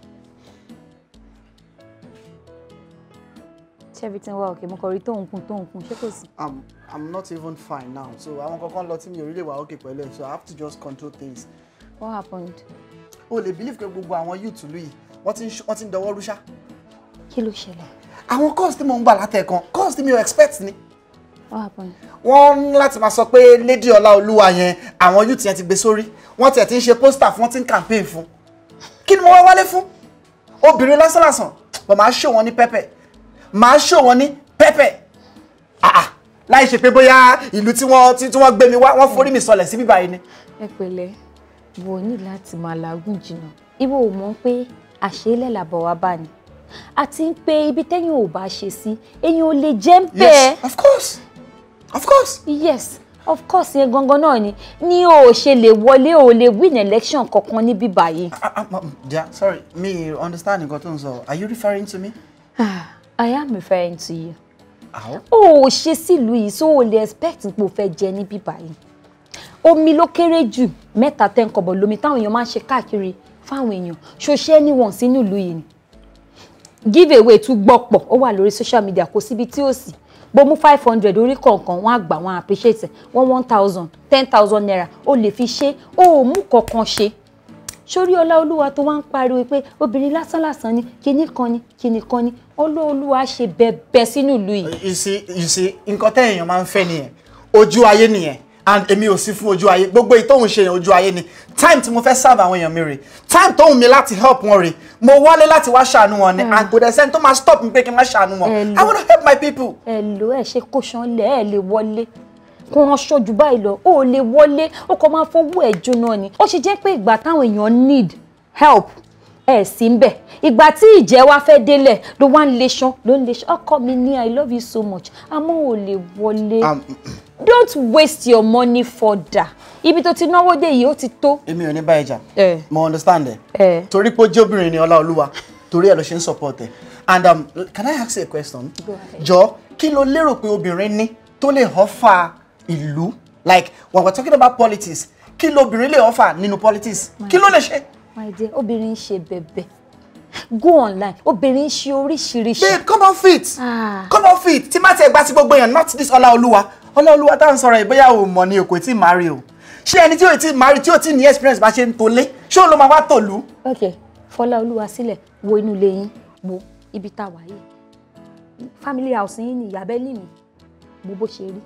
ṣé everything wà okay mo kàn rí tó kun tó kun ṣé kò sí. i'm i'm not even fine now so àwọn kankan lọ tí mi ò rí lè wà okay pẹ̀lú ẹ̀ so i have to just control things. what happened. o lè believe pé gbogbo àwọn youth ìlú yìí wọ́n ti ń dọwọ́ rúṣà. kí ló ṣẹlẹ̀. àwọn course tí mo ń gbà látẹ̀kan course tí mi ò expect ni wọ́n ń láti máa sọ pé lady ọláolúwa yẹn àwọn youth yẹn ti gbé sórí wọ́n tiẹ̀ ti ń ṣe poster fún wọ́n ti ń campaign fún kí ni mo wá wálé fún obìnrin lásánlàsàn bọ̀ máa ṣò wọ́n ní pẹ́pẹ́ màá ṣò wọn ní pẹ́pẹ́ ah, ah, láì ṣe pé bóyá ìlú tí wọ́n tí wọ́n gbé mi wá wọ́n forí mi sọlẹ̀ sí bíbá yìí ni. ẹ pẹ̀lẹ́ bò ní láti máa làágùn jìnnà ibo ò mọ̀ pé àṣeélẹ̀ làbọ̀ wá bá ni àti pé ibi tẹ́yìn ò bá ṣe sí ẹ̀yin ò lè jẹ́ ń bẹ́ẹ̀. yes of course of course. yes of course yẹn gangan náà ni ni o ṣe lè wọlé o lè win election kankan níbí báyìí. ja ah, sorry me understand nǹkan tó ń sọ are you referring to me. I am referring to you. Oh, ò ṣe sílùú yìí so o lè expect pé o fẹ́ jẹ ní bíbá yìí. Omi ló kéré jù mẹ́ta tẹ́ ń kọ̀bọ̀ lómi táwọn èèyàn máa ń ṣe káàkiri fáwọn èèyàn ṣoṣẹ́ níwọ̀n sínú ìlú ni. Give away tún gbọ́pọ̀ Oh, wà lórí social media kò síbi tí ó sì bó mú five hundred orí kọ̀ọ̀kan wọ́n á gbà appreciate wọ́n one thousand ten thousand naira o lè fi ṣe o ò mú kankan ṣe sórí ọlá olúwa tó wá ń pariwo pé obìnrin lásán lásán ni kinní kan ni kinní kan ni ọlọ́ olúwa ṣe bẹ̀bẹ̀ sínú ìlú yìí. ìsì ìsì nǹkan tẹ́yìn máa ń fẹ́ nìyẹn ojú ayé nìyẹn and èmi ò sí fún ojú ayé gbogbo ìtòhùn ṣe ojú ayé ni time tí mo fẹ́ serve àwọn èèyàn mi rè time tóhùn mi láti help wọn rè mo wálé láti wá ṣàánú wọn ni and kò dẹ̀ sẹ́ni tó máa stop mi pé kí n má ṣàánú wọn i wanna help my people. ẹ lo ẹ ṣe kó lẹ ẹ lè wọlé kò ránṣọ jù báyìí lọ ó lè wọlé ó kọ máa fọwọ́ ẹ̀ jóná ni ó ṣe jẹ́ pé ìgbà táwọn èèyàn need help ẹ sì ń bẹ ìgbà tí ìjẹ́ wa fẹ́ délẹ̀ ló wá ń lè ṣan ló ń lè ṣan ọkọ mi ní i love you so much àmọ́ ò lè wọlé don't waste your money further ibi tó ti náwó dé yìí ó ti tó. èmi ò ní bá ẹja mo understand ẹ torí pé ó jẹ́ obìnrin ni Ọláolúwa torí ẹ ló ṣe ń support ẹ and um, can I ask you a question jọ kí ló lérò pé obìnrin ní tó lè họ́ fà á ìlú like when we're talking about politics kí lobìnrin lè offer nínú politics kí ló lè ṣe. my dear obìnrin ń ṣe bẹ̀bẹ̀ go online obìnrin ń ṣe oríṣiríṣi. babe come on fit ah. come on fit tí má ti ẹ̀ gbá sí gbogbo èèyàn not this ọláolúwa ọláolúwa tá à ń sọ̀rọ̀ ìbóyá o mọ̀ ni o kò tí ì marry o ṣé ẹni tí o ti marry tí o ti ní experience bá ṣe ń tolé ṣé o ló máa wá tòlú. ok fọláolúwa sílẹ̀ wo inú ilé yín wo ibi tá a wà yìí family house yín ni ìyàbẹ́ lì mí wo bó ṣe rí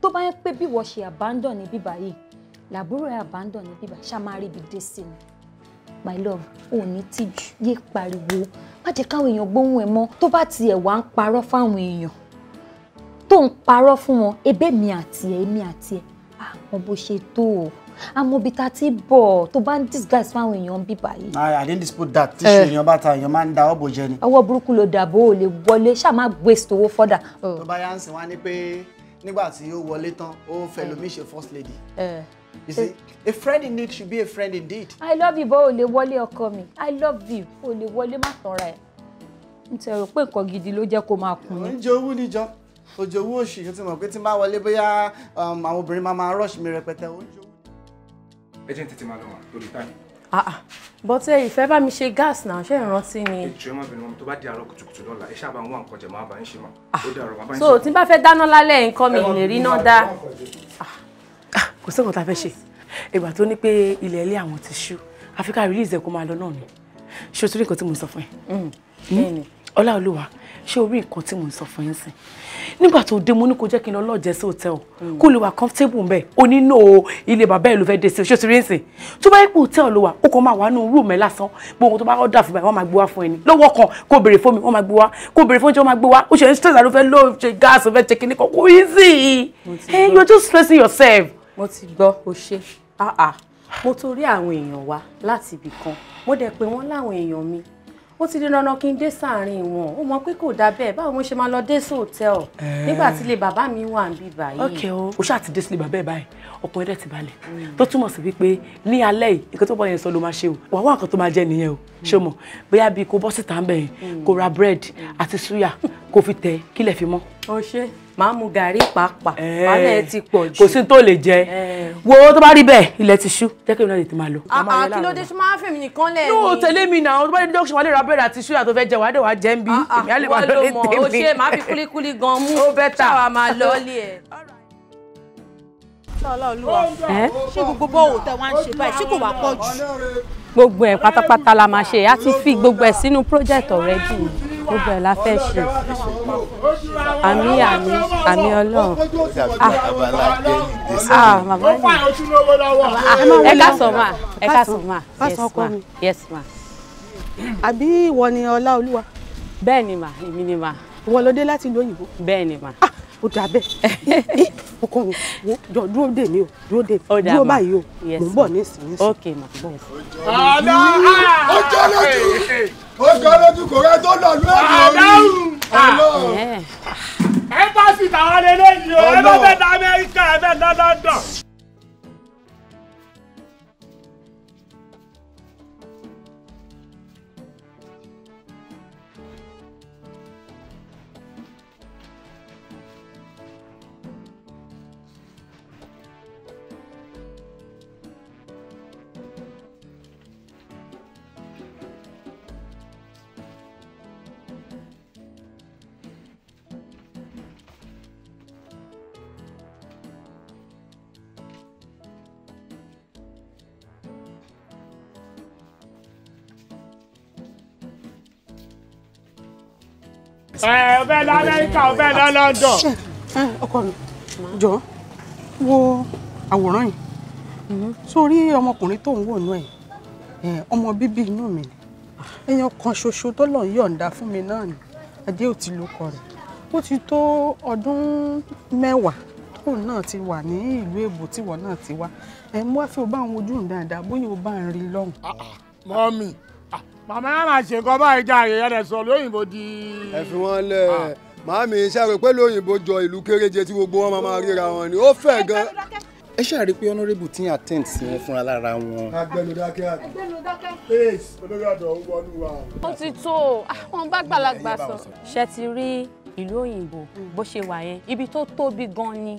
tó bá yẹ pé bí wọ́n ṣe abandon ní bíbá yìí làbúrò ẹ̀ abandon ní bíbá ṣàmárìbí dé sí ni my love ò ní tìjú yé pariwo má jẹ́ káwọn èèyàn gbóhùn ẹ̀ mọ́ tó bá tiẹ̀ wá ń parọ́ fáwọn èèyàn tó ń parọ́ fún wọn ebé mi àti ẹ̀ èmi àti ẹ̀ àmọ́ bó ṣe tó o àmọ́ ti bọ̀ tó bá ń disguise fáwọn èèyàn bí báyìí. i didn't dispute that eh. tí ṣe èèyàn bá ta èèyàn máa ń da ọ̀bọ̀ jẹ ni. ọwọ́ burúkú ló dàbò ò lè wọlé ṣáà má gbèsè owó fọ́dà. tó bá yá ń sìn wá ní pé nígbà tí ó wọlé tán ó fẹlòmí eh. ṣe first lady. Eh. you see a friend in need should be a friend indeed. i love you bó o lè wọlé ọkọ mi i love you o lè wọlé má tanra ẹ n tẹ rò pé nǹkan gidi ló jẹ́ kó máa kun mi. oúnjẹ owó níjọ oúnjẹ owó òṣì yóò ti mọ̀ pé tí n bá wọlé bóyá um, àwọn obìnrin máa máa rush mi rẹpẹtẹ oúnjẹ owó. ẹ jẹ́ ń tètè máa lọ wà lórí táyì. Ah, ah. bọ́tẹ́ eh, ìfẹ́ bá mi ṣe gas náà ṣé ìrántí ni. ìjọ ẹ̀mọ́ bìnrin wọn tó bá di àárọ̀ kùtùkùtù lọ́la ẹ ṣáà bá wọn nǹkan jẹ̀ máa bá ń ṣe mọ́ ah. ó dàrọ̀ bàbá ń ṣe. so tí n bá fẹ́ dáná lálẹ́ nǹkan mi lè rí náà dá. kò sí nǹkan tá a fẹ́ ṣe ìgbà tó ní pé ilẹ̀ ilé àwọn ti ṣú àfi release ẹ̀ kó máa lọ náà ni ṣé o tún rí nǹkan tí mo ṣé o rí nǹkan tí mò ń sọ fún yín sìn nígbà tó dé mo ní kó jẹ́ kí n lọ lọ́ọ̀jẹ́ sí hòtẹ́ẹ̀lì hmm. kó lè wà comfortable mbẹ́ o nílò ilé bàbá ẹ̀ ló fẹ́ dé sí o ṣé o ti rí ń sìn tó bá yẹ pé hòtẹ́ẹ̀lì ló wà ó kàn máa wà nínú rúùmù ẹ̀ lásán gbogbo tó bá rọ́ fún mi wọ́n máa gbé wá fún ẹni lọ́wọ́ kan kó béèrè fún mi wọ́n máa gbé wá kó béèrè fún mi wọ́n máa gbé wá ó ṣe ń stress àlọ́ fẹ́ gas fẹ́ ṣe kíní kan kò easy hey you're just stressing yourself. mo ti gbọ́ ah ah mo torí àwọn èèyàn wa mo dẹ̀ pé ó ti di dandan kí n dé sáàrin wọn ó mọ pé kò dáa bẹ́ẹ̀ báwo mo ṣe máa lọ dé sí hòtẹ́ẹ̀lì nígbà tí ilé bàbá mi wà ń bí báyìí. ok o o ṣáà ti dé sílé bàbá ẹ báyìí ọkùnrin rẹ ti balẹ̀ hmm. tó túmọ̀ sí wípé ní alẹ́ yìí nǹkan tó yẹn sọ ló máa ṣe o wàá wá nǹkan tó máa jẹ nìyẹn o hmm. ṣé o mọ̀ bóyá bíi kó bọ́ síta ń bẹ̀ yẹn hmm. kó ra búrẹ́dì àti súyà kó fi tẹ kílẹ̀ fi mọ́. o máa mu gàrí pàápàá wàhálà ẹ ti pọ̀ jù kò sí tó lè jẹ wo tó bá rí bẹ́ẹ̀ ilẹ̀ ti ṣú jẹ́ kí n náà lè ti máa lọ. àà kí ló dé tí máa ń fèmí nìkan lẹ̀ ni. yóò tẹ̀lé mi náà tó bá dé dọ́kítà wà lè ra bẹ́ẹ̀rẹ̀ àti ṣúyà tó fẹ́ jẹ wàá dẹ̀ wàá jẹ́ ń bí èmi á lè wà lórí tèmi. o ṣe máa fi kúlíkúlí gan mú ṣáwa máa lọ lé ẹ. ṣé gbogbo bọ́ọ̀ tẹ wá ń ṣe báyìí ṣé kò wá pọ̀ jù. gbogbo ẹ̀ pátápátá la máa ṣe a ti fi gbogbo ẹ̀ sínú project already gbogbo ẹ̀ la fẹ́ ṣe àmì àmì àmì ọlọ́run ah, ah màmá ni ẹ ká sọ ma ẹ ká sọ ma yes ma yes ma. àbí ìwọ ni ọlá olúwa. bẹ́ẹ̀ ni ma èmi ni ma. ìwọ ló dé láti ìlú òyìnbó. bẹ́ẹ̀ ni ma. Ah ó dà bẹ́ẹ̀ ọkọ mi jọ dúró dè mí o dúró dè dúró báyìí o mò ń bọ̀ ní ìsinyìí. ok mà bọ̀. àdá ọjọ́ lójú ọjọ́ lójú kò rẹ tó lọ lórí ọlọ́run. ẹ bá sì tàwọn lélẹ́yìn o ẹ bá bẹ̀ dá amẹ́ríkà ẹ bẹ̀ dá ẹ ọbẹ̀ lọ Amẹ́ríkà ọbẹ̀ lọ London. ọkọ mi jọ wo àwòrán yìí mm-hmm. sórí ọmọkùnrin tó ń wò nú ẹ ọmọ bíbí inú mi ni èèyàn kan ṣoṣo tó lọ yọ̀ǹda fún mi náà ni adé ò ti lóko rẹ̀ ó ti tó ọdún mẹ́wàá tóun náà ti wà ní ìlú èbó tíwọ náà ti wá ẹ̀ ń wá fi ó bá ń wojú dáadáa bóyá ó bá ń rí lọ́hùn. Ah, ah. mọ́mì màmá yàrá ṣe nǹkan báyìí jàre ẹ̀rẹ̀ sọ lóyìnbó di. ẹ fi wọn lẹ ah. màámi ṣàrò pé lóyìnbó jọ ìlú kéréje tí gbogbo wọn máa ríra wọn ni ó fẹ́ gan. ẹ ṣàrí pé honourable ti attend sí wọn fúnra lára wọn. agbẹnudákẹ́ àgbẹ̀ ace olórí ọ̀dọ́ wọnú wa. ó ti tó àwọn ah, bá gbàlagbà sọ. ṣe ti rí ìlú òyìnbó bó ṣe wà yẹn ibi tó tóbi gan ni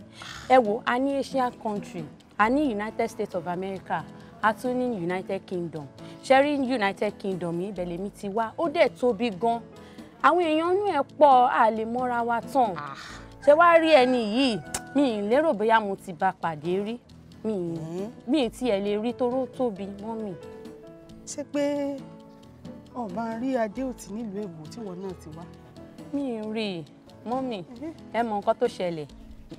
ẹ wo a ní Asian country a ní United States of America a tún ní United Kingdom ṣẹ́rí United Kingdom yìí ibẹ̀ lèmi ti wá ó dẹ̀ tóbi gan àwọn èèyàn inú ẹ̀ pọ̀ a lè mọ́ra wa tán ah. ṣé wàá rí ẹni yìí mi ì lérò bóyá mo ti bá pàdé rí mi ì hmm. mi ì tiẹ̀ lè rí toró tóbi mọ́ mi. ṣé pé ọba rí adé òtí nílùú èbó tíwọ náà ti wá. mi ì rí i mọ́ mi eh. ẹ mọ nǹkan tó ṣẹlẹ̀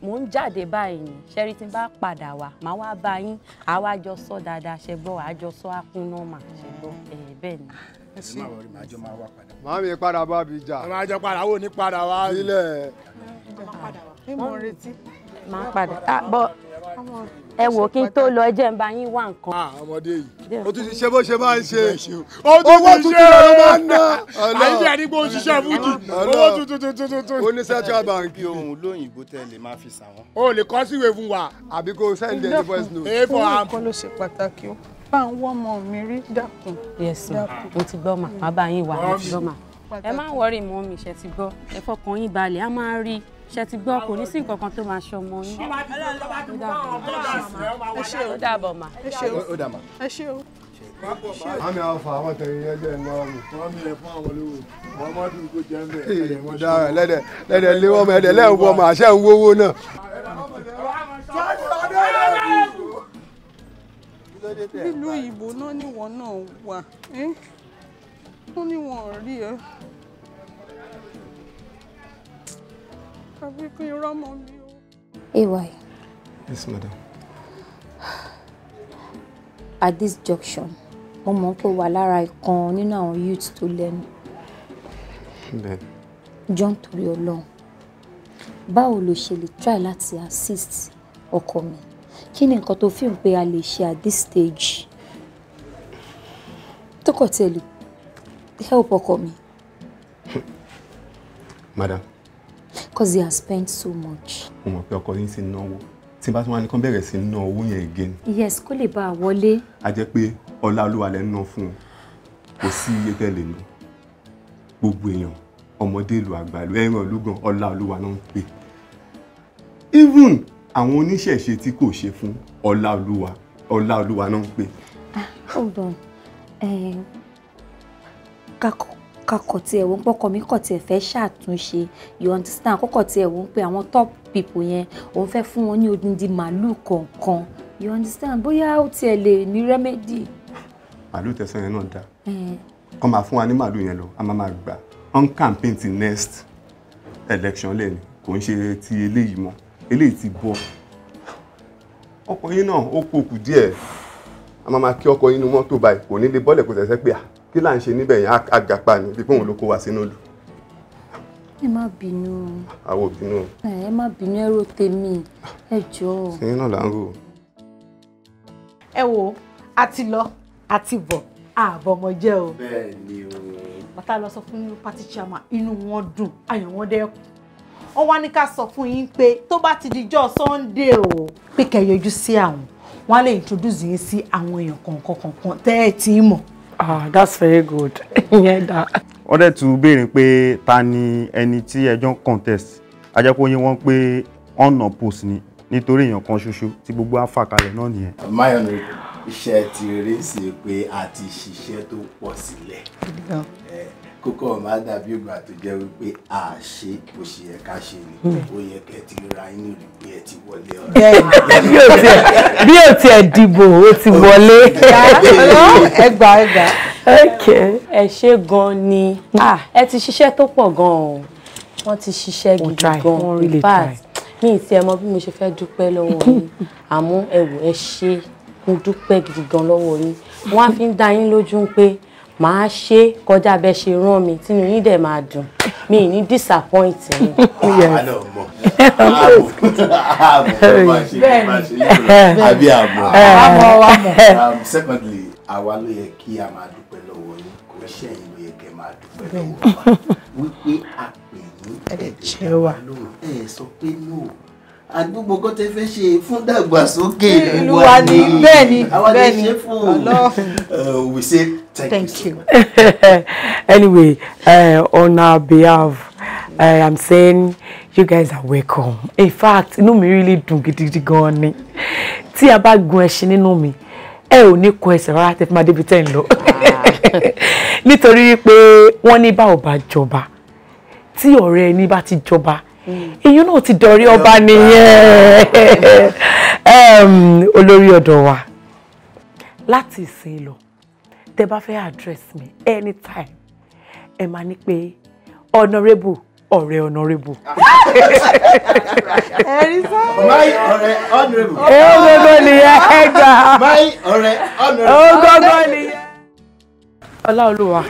mò ń jáde báyìí ni ṣẹ́rí tí n bá padà wá màá wá bá yín àwa jọ sọ dáadáa ṣe gbọ́ àjọ sọ àkúnnọ́mà ṣe gbọ́ ẹ̀ bẹ́ẹ̀ ni. ẹ má wọrí màá jọ máa wá padà. bá mi jà. ẹ máa padà wò ní padà wá. sílẹ̀. ẹ padà wá. ẹ mọ̀ retí. máa padà ah, bọ́ ẹ wò kí n tó lọ ẹ jẹ́ bá yín wá nǹkan. Ah, ọmọdé yìí o tún ti ṣe bó ṣe máa ń ṣe owó tuntun ló máa ń ná. àyíṣẹ́ àdìgbò òṣìṣẹ́ fújì owó tuntun tuntun tuntun. ó central bank ohun lóyìnbó tẹ́lẹ̀ máa fi sàwọn. o lè kọ síwèé fún wa. àbí kò send any voice note. èèfọ̀ àmọ́. kọ́ ló ṣe pàtàkì o bá ń wọ́ ọmọ mi rí dákun. yes ma mo ti gbọ́ ma bá yín wà ẹ má wọrí mọ́ mi ṣe ti gbọ́ ẹ fọkàn yín balẹ̀ á máa rí ṣe ti gbọ́ kò ní sí nǹkan kan tó máa ṣe ọmọ yín. ẹ ṣe o dàbọ̀ ma. ẹ ṣe o dàbọ̀ ma. ẹ ṣe o. Àmì àwọn fa àwọn tẹ̀yìn ẹjẹ́ lọ́rùn. Wọ́n mi fún àwọn olówó. Wọ́n mọ́ jẹ́ ń bẹ̀. Mo dára lẹ́dẹ̀ lẹ́dẹ̀ lé mọ ẹ̀dẹ̀ lẹ́wọ̀ ọmọ àṣẹ ń wówó náà. Nílùú òyìnbó náà ni náà wà. Eh? Wọ́n ní wọ́n rí ẹ. ay. yes madam. at this junction mo mọ̀ pé wà lára ìkan nínú àwọn youth tó lẹ́nu. bẹ́ẹ̀. john torí ọlọ́run báwo lo ṣe lè try láti assist ọkọ mi kí ni nǹkan tó fi hàn pé a lè ṣe at this stage tó kọ̀ tiẹ̀ help ọkọ mi. madam because they have spent so much. mo mọ̀ pé ọkọ yín ti náwó tí bá tún wá ní kán bẹ̀rẹ̀ sí ná owó yẹn again. yes kó lè bá a wọlé. a jẹ́ pé ọlá olúwa lẹ́ ń ná fún un kò sí iye tẹ́lẹ̀ nù gbogbo èèyàn ọmọdé ìlú àgbàlú ẹran olúgan ọlá olúwa náà ń pè even àwọn oníṣẹ̀ṣe tí kò ṣe fún ọlá olúwa ọlá olúwa náà ń pè. Ah, hold on Eh, kakọ kakọ̀ tiẹ̀ wọ́n pọ́kọ mi kọ̀ tiẹ̀ fẹ́ ṣàtúnṣe you understand kọ́kọ̀ tiẹ̀ wọ́n pé àwọn top people yẹn òun fẹ́ fún wọn ní odindi màálù kọ̀ọ̀kan you understand bóyá ó tiẹ̀ lè ní rẹ́mẹ́dì. màálù tẹ̀sán yẹn náà dáa kọ́ máa fún wa ní màálù yẹn lọ a máa máa gbà on campaign ti next election lẹ́nu kò ń ṣe ti eléyìí mọ́ eléyìí ti bọ́ ọkọ yín náà ó kú òkú díẹ̀ a máa máa kí ọkọ yín ní mọ́tò báyìí kò ní lè bọ́lẹ̀ kò tẹ̀sẹ̀ pé à ah, kí là ń ṣe níbẹ̀ yẹn àgàpá ni bí pòun ló kó wa sínú ìlú. ẹ má bínú. àwọn ò bínú. ẹ má bínú ẹrọ tèmi ẹ jọ̀ọ́. sẹ́yìn náà là ń rò. ẹ wo a lọ a ti bọ̀ àbọ̀mọ jẹ́ o. bẹ́ẹ̀ ni o. bàtà lọ sọ fún pati chairman inú wọn dùn ayọ̀ wọn dẹ́kun wọ́n wá ní ká sọ fún yín pé tó bá ti dijọ́ Sunday o pé kẹ́ yọjú sí àwọn wọ́n á lè introduce yín sí àwọn èèyàn kọ̀ọ̀kan kọ̀ọ̀kan tẹ́ ẹ ti mọ̀ ah that's very good ìyẹn dá. wọ́n dẹ̀ tún béèrè pé ta ni ẹni tí ẹjọ́ ń contest ajẹ́pọ̀ yín wọ́n pé ọ̀nà post ni nítorí èèyàn kan ṣoṣo tí gbogbo á fà kalẹ̀ náà nìyẹn. mayoni iṣẹ́ ti rí sí pé a ti ṣiṣẹ́ tó pọ̀ sílẹ̀ eh, kókó ọ̀ma dàbí ìgbà tó jẹ́ wípé a ṣe bó ṣe yẹ ká ṣe ni hmm. ó yẹ kẹ́ ti ra inú rí pé ẹ ti wọlé ọ̀rọ̀. bí o tiẹ̀ dìbò o ti wọlé. ẹgbà ẹgbà. ẹ ṣe gan ni hmm. ah, ẹ ti ṣiṣẹ́ tó pọ̀ gan o wọ́n ti ṣiṣẹ́ gidi gan in fact mi ì tiẹ̀ mọ bí mo ṣe fẹ́ dúpẹ́ lọ́wọ́ yín àmọ́ ẹ wò ẹ ṣe mo dúpẹ́ gidi gan lọ́wọ́ yín wọ́n á fi ń dá yín lójú pé màá ṣe kọjá bẹ́ẹ̀ ṣe rán mi tínú ni dẹ̀ máa dùn mi ì ní disappoint ni. àbí àmọ́ um, secondly àwa ló yẹ kí a máa dúpẹ́ lọ́wọ́ yín kò ṣẹ̀yìn ló yẹ kẹ́ máa dúpẹ́ lọ́wọ́ wa wípé a pè yín ẹ̀jẹ̀ wa ẹ sọ pé no àdúgbò kan tẹ fẹ́ ṣe fún dàgbàsókè ìlú wa ni bẹ́ẹ̀ ni bẹ́ẹ̀ ni uh, we say Thank, Thank you. you. anyway, uh, on our behalf, uh, I'm saying you guys are welcome. In fact, no me really dùn gidigidi gan ni. Tí a bá gun ẹṣin nínú mi, ẹ ò ní kọ ẹsẹ̀ rárá tẹ́ fi máa débi tẹ́ ń lọ. Nítorí pé wọ́n ní bá ò bá jọba, tí ọ̀rẹ́ ẹni bá ti jọba, mm. èèyàn náà ti dọ̀rí ọba nìyẹn. Um, olórí ọ̀dọ̀ tẹ bá fẹ́ address mi anytime ẹ máa ní pé honourable ọ̀rẹ́ honourable. ẹ̀rí my honourable. ẹ ó gbogbo nìyẹn ẹ gbà. my ọ̀rẹ́ honourable. ó gbogbo nìyẹn. ọláolúwa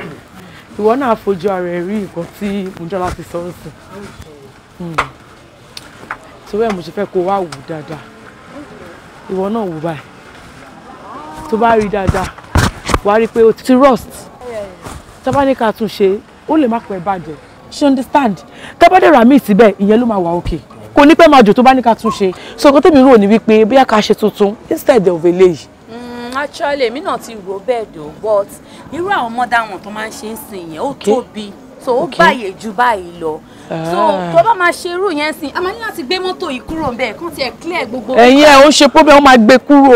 ìwọ náà fojú ara ẹ rí nǹkan tí mojọlá ti sọ ń sìn hmm. torí ẹ mo ṣe fẹ́ kó wá wù dáadáa ìwọ náà wù báyìí tó bá rí dáadáa wàá rí i pé ó ti rust tábà ní ká tún ṣe ó lè má pẹ́ bàjẹ́ ṣe understand tábà dẹ̀ rà míì síbẹ̀ ìyẹn ló máa wà òkè kò ní pẹ́ máa jò tó bá ní ká tún ṣe so nǹkan tèmi rò ní wípé bóyá ká ṣe tuntun instead of eléyìí. Mm, actually èmi náà ti rò bẹ́ẹ̀ dò but irú àwọn mọ́dà wọn tó máa ń ṣe ń sìn yẹn ó tóbi so ó báyè ju báyìí lọ so ah. tó bá máa ṣe irú yẹn sìn a máa ní láti gbé mọ́tò yìí kúrò ń bẹ̀ kán tiẹ̀ clear gbogbo. ẹ̀yin ẹ̀ ó ṣe pọ́bẹ́ ó máa gbé kúrò.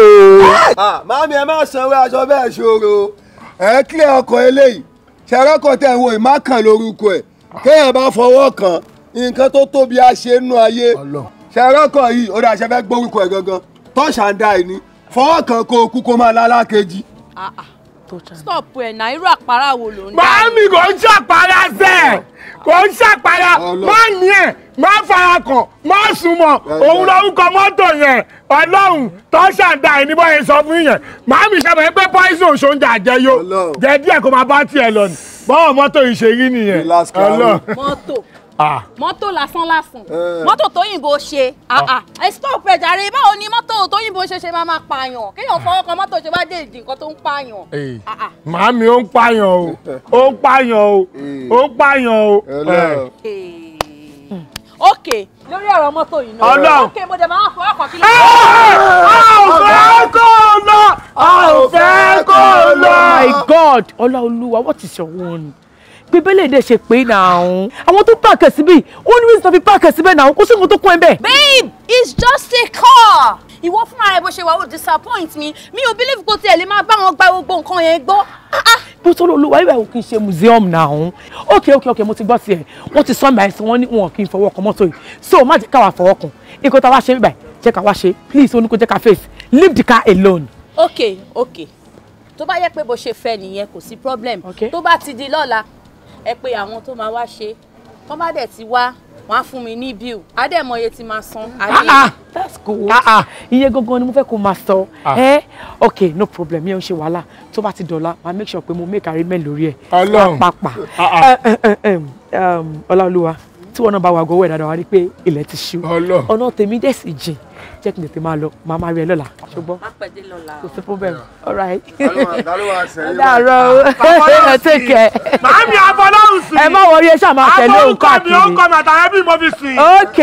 Ah, ah, màámi ẹ má sanwó aṣọ bẹ́ẹ̀ ṣòro ẹ clear ọkọ̀ eléyìí ṣẹ́rọ́kọ̀ tẹ̀ ń wo ìmákàn lórúkọ ẹ̀ kéèyàn bá fọwọ́ kàn nǹkan tó tóbi àṣẹ́nu ayé ṣẹ́rọ́kọ̀ yìí ó dàṣẹ́ fẹ́ gbórúkọ ẹ̀ gangan tọ́ṣà ń dá ẹ̀ ní fọwọ́ kàn kó o kú kó máa lálákejì stop ẹ náà para àpárá wo ló ń dá. màámi kò ń ṣàpárá sẹ kò ń ṣàpárá má ní ẹ má fara kàn má súnmọ́ òun lórúkọ mọ́tò yẹn Ọlọ́run tó ṣàǹdà ẹ ní bọyẹ sọ fún yẹn màámi sábà ẹ pé poison ṣoúnjẹ àjẹyó jẹ díẹ̀ kó máa bá tiẹ̀ lọ ni bọ́wọ̀ mọ́tò yìí ṣe rí nìyẹn Ọlọ́run. mọ́tò Ah. mọ́tò lásán lásán eh. mọ́tò tóyìnbó ṣe ẹ ah, ah. eh, stop ẹ jàre báwo ni mọ́tò tóyìnbó ṣe ṣe máa máa pààyàn kéèyàn fọwọ́ kan mọ́tò ṣe bá dé ìdí nǹkan tó ń pààyàn. Eh. màámi ó ń pààyàn o ó ń pààyàn o ó ń pààyàn o. ok lórí ọ̀rọ̀ mọ́tò yìí náà ok mo dẹ̀ máa fọwọ́ kan kí a ò fẹ́ kó lọ a ò fẹ́ kó lọ. my god ọlá olúwa what is your want pé bẹ́lẹ̀ dẹ̀ ṣe pé náà òun àwọn tó pààkẹ́ síbí ó ní reason tó fi pààkẹ́ síbẹ̀ náà òun kó sí tó kún ẹ bẹ́ẹ̀. babe it's just a car ìwọ fúnra rẹ bó ṣe wà ó disappoint mi mi ò believe kó tiẹ̀ lè máa bá wọn gba gbogbo nǹkan yẹn gbọ́. Ah, ah. bó tó lọ olúwa ìwà òkè ṣe museum náà òun ok ok ok mo ti gbọ́ tiẹ̀ wọ́n ti sọ́ọ̀mù àìsàn wọn ní wọn kì so má jẹ́ káwa fọwọ́ kan nǹkan tá a wá ṣe bíbáyìí jẹ́ ká wá ṣe please oníkó jẹ́ face leave the car alone. ok ok tó bá yẹ pé bó ṣe fẹ́ nìyẹn kò sí problem tó bá ti di lọ́la ẹ pé àwọn tó máa wá ṣe kọ́ má dẹ̀ ti wá wọ́n á fún mi ní bill àdẹ̀mọ iye tí máa san. Ah, ah, ah, iye gangan ni mo fẹ́ kó máa sọ ẹ́ eh? ok no problem yẹn ń ṣe wàhálà tó bá ti dọ̀la máa make sure pé mo make arrangement lórí ẹ̀ pàápàá eh, eh, ọláolúwa tí wọn náà bá wà gọwọ́ ẹ̀ dáadáa wá rí pé ilẹ̀ ti ṣú ọ̀nà tèmi dẹ̀ sì jìn jẹ́ kí n tètè máa lọ màá máa rí ẹ lọ́la ṣùgbọ́n kò sí problem all right. dàrọ ẹ tẹkẹ. màámi àfọlọ́hùn sùn. ẹ má wọrí ẹ ṣáà máa tẹ̀lé òun káàkiri. àbọ̀ òun kọ́ mi òun kọ́ mi àtàrà bí mo fi sùn. ok.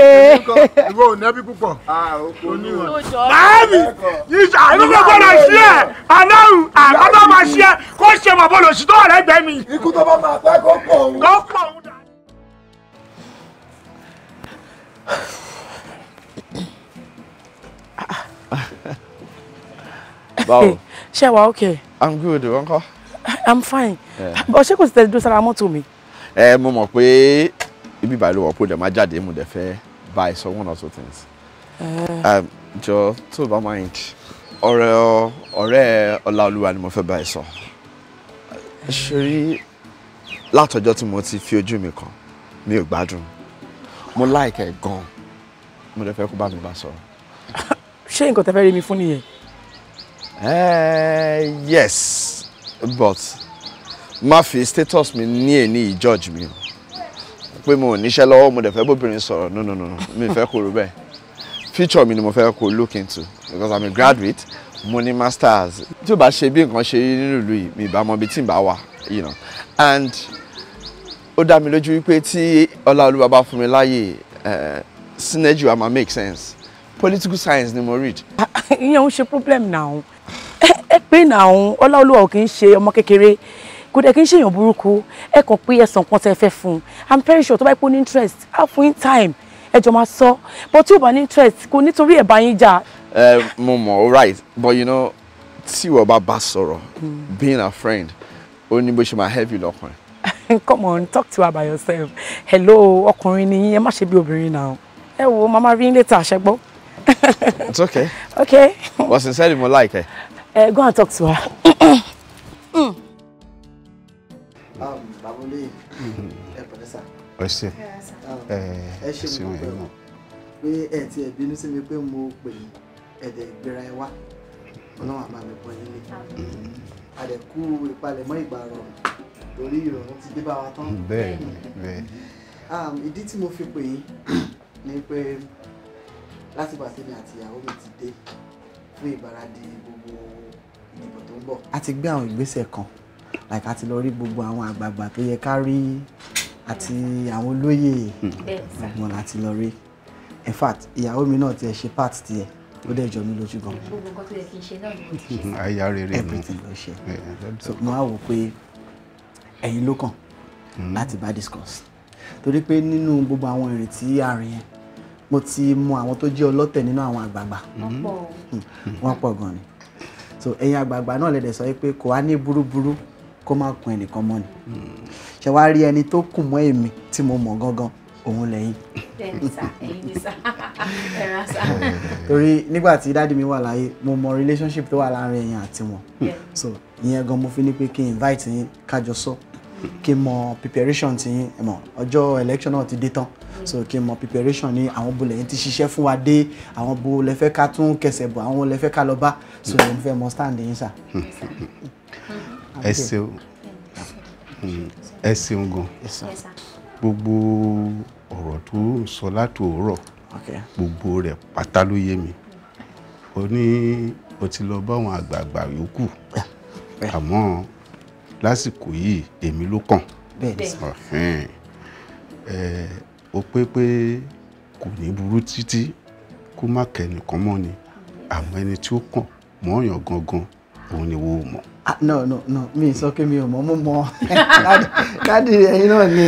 ìwọ ò nẹ́bí púpọ̀. Ah, màámi ìṣàlùkò gbọ́dọ̀ sí ẹ̀ aláwù àkọ́tọ̀ máa ṣí ẹ kó ṣe mọ̀ bọ́lọ̀ sí tó wà lẹ́gbẹ̀ẹ́ mi. ikú tó bá máa pẹ́ kó pọ̀ òun. báwo. ṣé wàá okay. i'm good wọn kọ. i'm fine. But kò sì tẹ̀lé dúró something to me. ẹ mama, we. pé ibi ìbàlẹ̀ wọ̀ pé ó dẹ̀ máa jáde mo dẹ̀ buy some one or two things. Eh. Um, jọ tó bá mind ọ̀rẹ́ ọ̀rẹ́ ọláolúwa ni mo fẹ́ bá ẹ sọ eh. ṣorí látọjọ́ tí mo ti fi ojú mi kàn mi ò gbádùn mo láìka ẹ gan mo lè fẹ́ kó bá mi bá sọ̀rọ̀. ṣé nǹkan tẹ fẹ́ rí mi fún nìyẹn. Eh, yes but má fi status mi ní èní ìjọ́ọ̀jì mi pé mo ò níṣẹ́ lọ́wọ́ mo dẹ̀ fẹ́ bóbìnrin sọ̀rọ̀ no no no no mi fẹ́ kó ro bẹ́ẹ̀ future mi ni mo fẹ́ kó look into because i'm a graduate mo ní masters tí o bá ṣe bí nǹkan ṣe rí nínú ìlú yìí mi ìbá ibi tí n bá wà you know and ó dá mi lójú wípé tí Ọláolúwa bá fún mi láàyè eh, synergy wa máa make sense political science ni mo read. Ah, ìyẹn ń ṣe problem náà ẹ ẹ pé nàún ọláolúwa ò kì í ṣe ọmọ kékeré kò dẹ̀ kì í ṣèyàn burúkú ẹ kàn pé ẹ̀sán kan tẹ́ fẹ́ fún un i'm very sure tó bá pé ó ní interest á fún yín time ẹ jọ máa sọ but tí ò bá ní interest kò nítorí ẹ̀ bá yín jà. ẹ mo mọ right but you know tí ìwọ bá bá sọ̀rọ̀ hmm. being a friend ó ní bó ṣe máa help you lọ́kùnrin. come on talk to her by yourself hello ọkùnrin ni yín ẹ má ṣe bí obìnrin náà ẹ wo mama rí ń létà àṣẹgbọ́. it's okay. okay. What's inside ń sẹ́ni mo Like Uh, go and talk to her. mm. Um, Babuli, ẹ pẹ̀lẹ́ sá. Ẹ Yes, sir. Yes, sir. pẹ̀ mọ́. Pé ẹ ti ẹ̀ bínú sí mi pé mo pè é ẹ̀dẹ̀ ìgbéra ẹ wá. Ọlọ́run àmà mi pọ̀ nílé. Àdẹ̀kú ìpalẹ̀mọ́ ìgbà rọ̀ lórí ìrọ̀rùn ti dé bá wa tán. Bẹ́ẹ̀ni bẹ́ẹ̀. Mm-hmm. Um, ìdí tí mo fi pè yín ni pé látìgbà tèmi àti ìyàwó mi ti dé fún ìgbáradì gbogbo ìdìbò tó ń bọ̀. a ti gbé àwọn ìgbésẹ̀ kan like a ti lọ rí gbogbo àwọn àgbààgbà tó yẹ ká rí àti àwọn olóyè gbogbo la lọ rí in fact ìyàwó mi náà tiẹ̀ ṣe part tiẹ̀ ó dẹ̀ jọ mí lójú gan. gbogbo nǹkan tó yẹ kí n ṣe náà ló ti ṣe. àyà rere ni everything lo ṣe so mo á wò pé ẹ̀yin ló kàn hmm. láti bá discuss torí pé nínú gbogbo àwọn ìrètí àárín yẹn mo ti mọ àwọn tó jẹ́ ọlọ́tẹ̀ nínú àwọn àgbààgbà wọ́n pọ̀ hmm, gan ni so ẹ̀yin àgbààgbà náà lẹ́dẹ̀ sọ pé kò wá ní burúburú kó má kun ẹnìkan mọ́ ni ṣe wá rí ẹni tó kù mọ́ èmi tí mo mọ̀ gangan òun lẹ́yìn. torí nígbà tí dáàdi mi wà láyé mo mọ relationship tó wà láàárín ẹ̀yin àti wọn so ìyẹn gan mo fi ní pé kí n invite yín kájọ sọ. So kí n mọ preparation ti yín ẹ mọ ọjọ́ election náà ti dé tán so kí n mọ preparation ní àwọn bolẹ̀ yẹn ti ṣiṣẹ́ fún wa dé àwọn bolẹ̀ fẹ́ ká tún kẹsẹ̀ bọ̀ àwọn bolẹ̀ fẹ́ ká lọ bá so ẹ̀ ń fẹ́ mọ stand yín sà. ẹ ṣeun ẹ ṣeun gan gbogbo ọ̀rọ̀ tó ń sọ láti òwúrọ̀ gbogbo rẹ̀ pátá ló yé mi o ní o ti lọ bá àwọn àgbààgbà yòókù àmọ́ lásìkò yìí èmi ló kàn bẹ́ẹ̀ ẹ ó pé pé kò ní burú títí kó má kẹ́nìkan mọ́ ni àmọ́ ẹni tí ó kàn mọ́ọ̀yàn gangan òun ni wo mọ̀. Ah, no no no mi sọ pé mi ò mọ̀ mo mọ̀ dádì ẹ̀yin náà ni.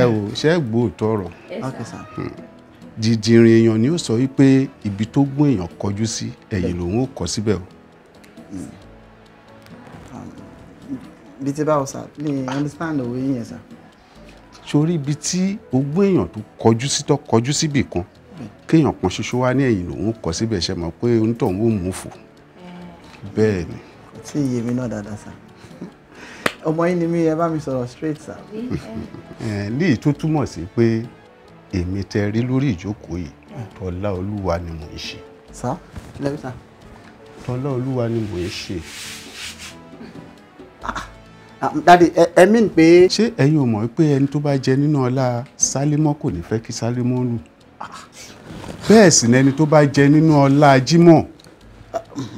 ẹ wò ṣe é gbóòótọ́ ọ̀rọ̀ dìdìrín hmm. èèyàn ni ó sọ wípé ibi tó gún èèyàn kọjú sí ẹ̀yìn lòun ó kọ síbẹ̀ o hmm bí ti báwo sá mi understand òwe yẹn sá. sórí ibi tí ogún èèyàn tó kọjú sí tó kọjú síbì kan kéèyàn kan ṣoṣo wá ní ẹ̀yìn lòun kọ síbẹ̀ ṣe mọ̀ pé onítọ̀hún ò mú fò bẹ́ẹ̀ ni. kò tí ì yé mi náà dáadáa sá ọmọ yín ni mí ẹ bá mi sọ̀rọ̀ straight sá. léyìí tó túmọ̀ sí pé èmi tẹ rí lórí ìjókòó yìí tọ́lá olúwa ni mò ń ṣe. sá lẹ́bí sá. tọ́lá olúwa ni mò ń ṣe. Ah. Ah, dadi ẹ mean pé. ṣé ẹ̀yin ò mọ̀ pé ẹni tó bá jẹ nínú ọlá sálímọ́ kò ní fẹ́ kí sálímọ́ lù bẹ́ẹ̀ sì ni ẹni tó bá jẹ nínú ọlá jímọ̀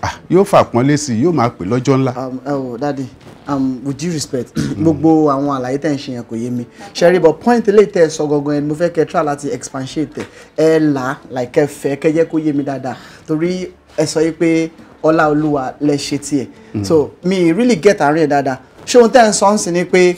ah, yóò fàpọ́nlé sí i yóò máa pè lọ́jọ́ ńlá. Um, dadi um, with due respect mm. gbogbo àwọn àlàyé tẹ̀ ń ṣe yẹn kò yé mi ṣẹ́rí but point eléyìí tẹ̀ sọ gangan ẹni mo fẹ́ kẹ́ try láti expansiate ẹ là like ẹ fẹ́ kẹ́ jẹ́ kó yé mi dáadáa torí ẹ sọ yìí pé ọlá olúwa lẹ ṣe tiẹ̀ mm. so mi really get àárín ẹ̀ dáadáa ṣé ohun tẹ́ ń sọ ń sìn ni pé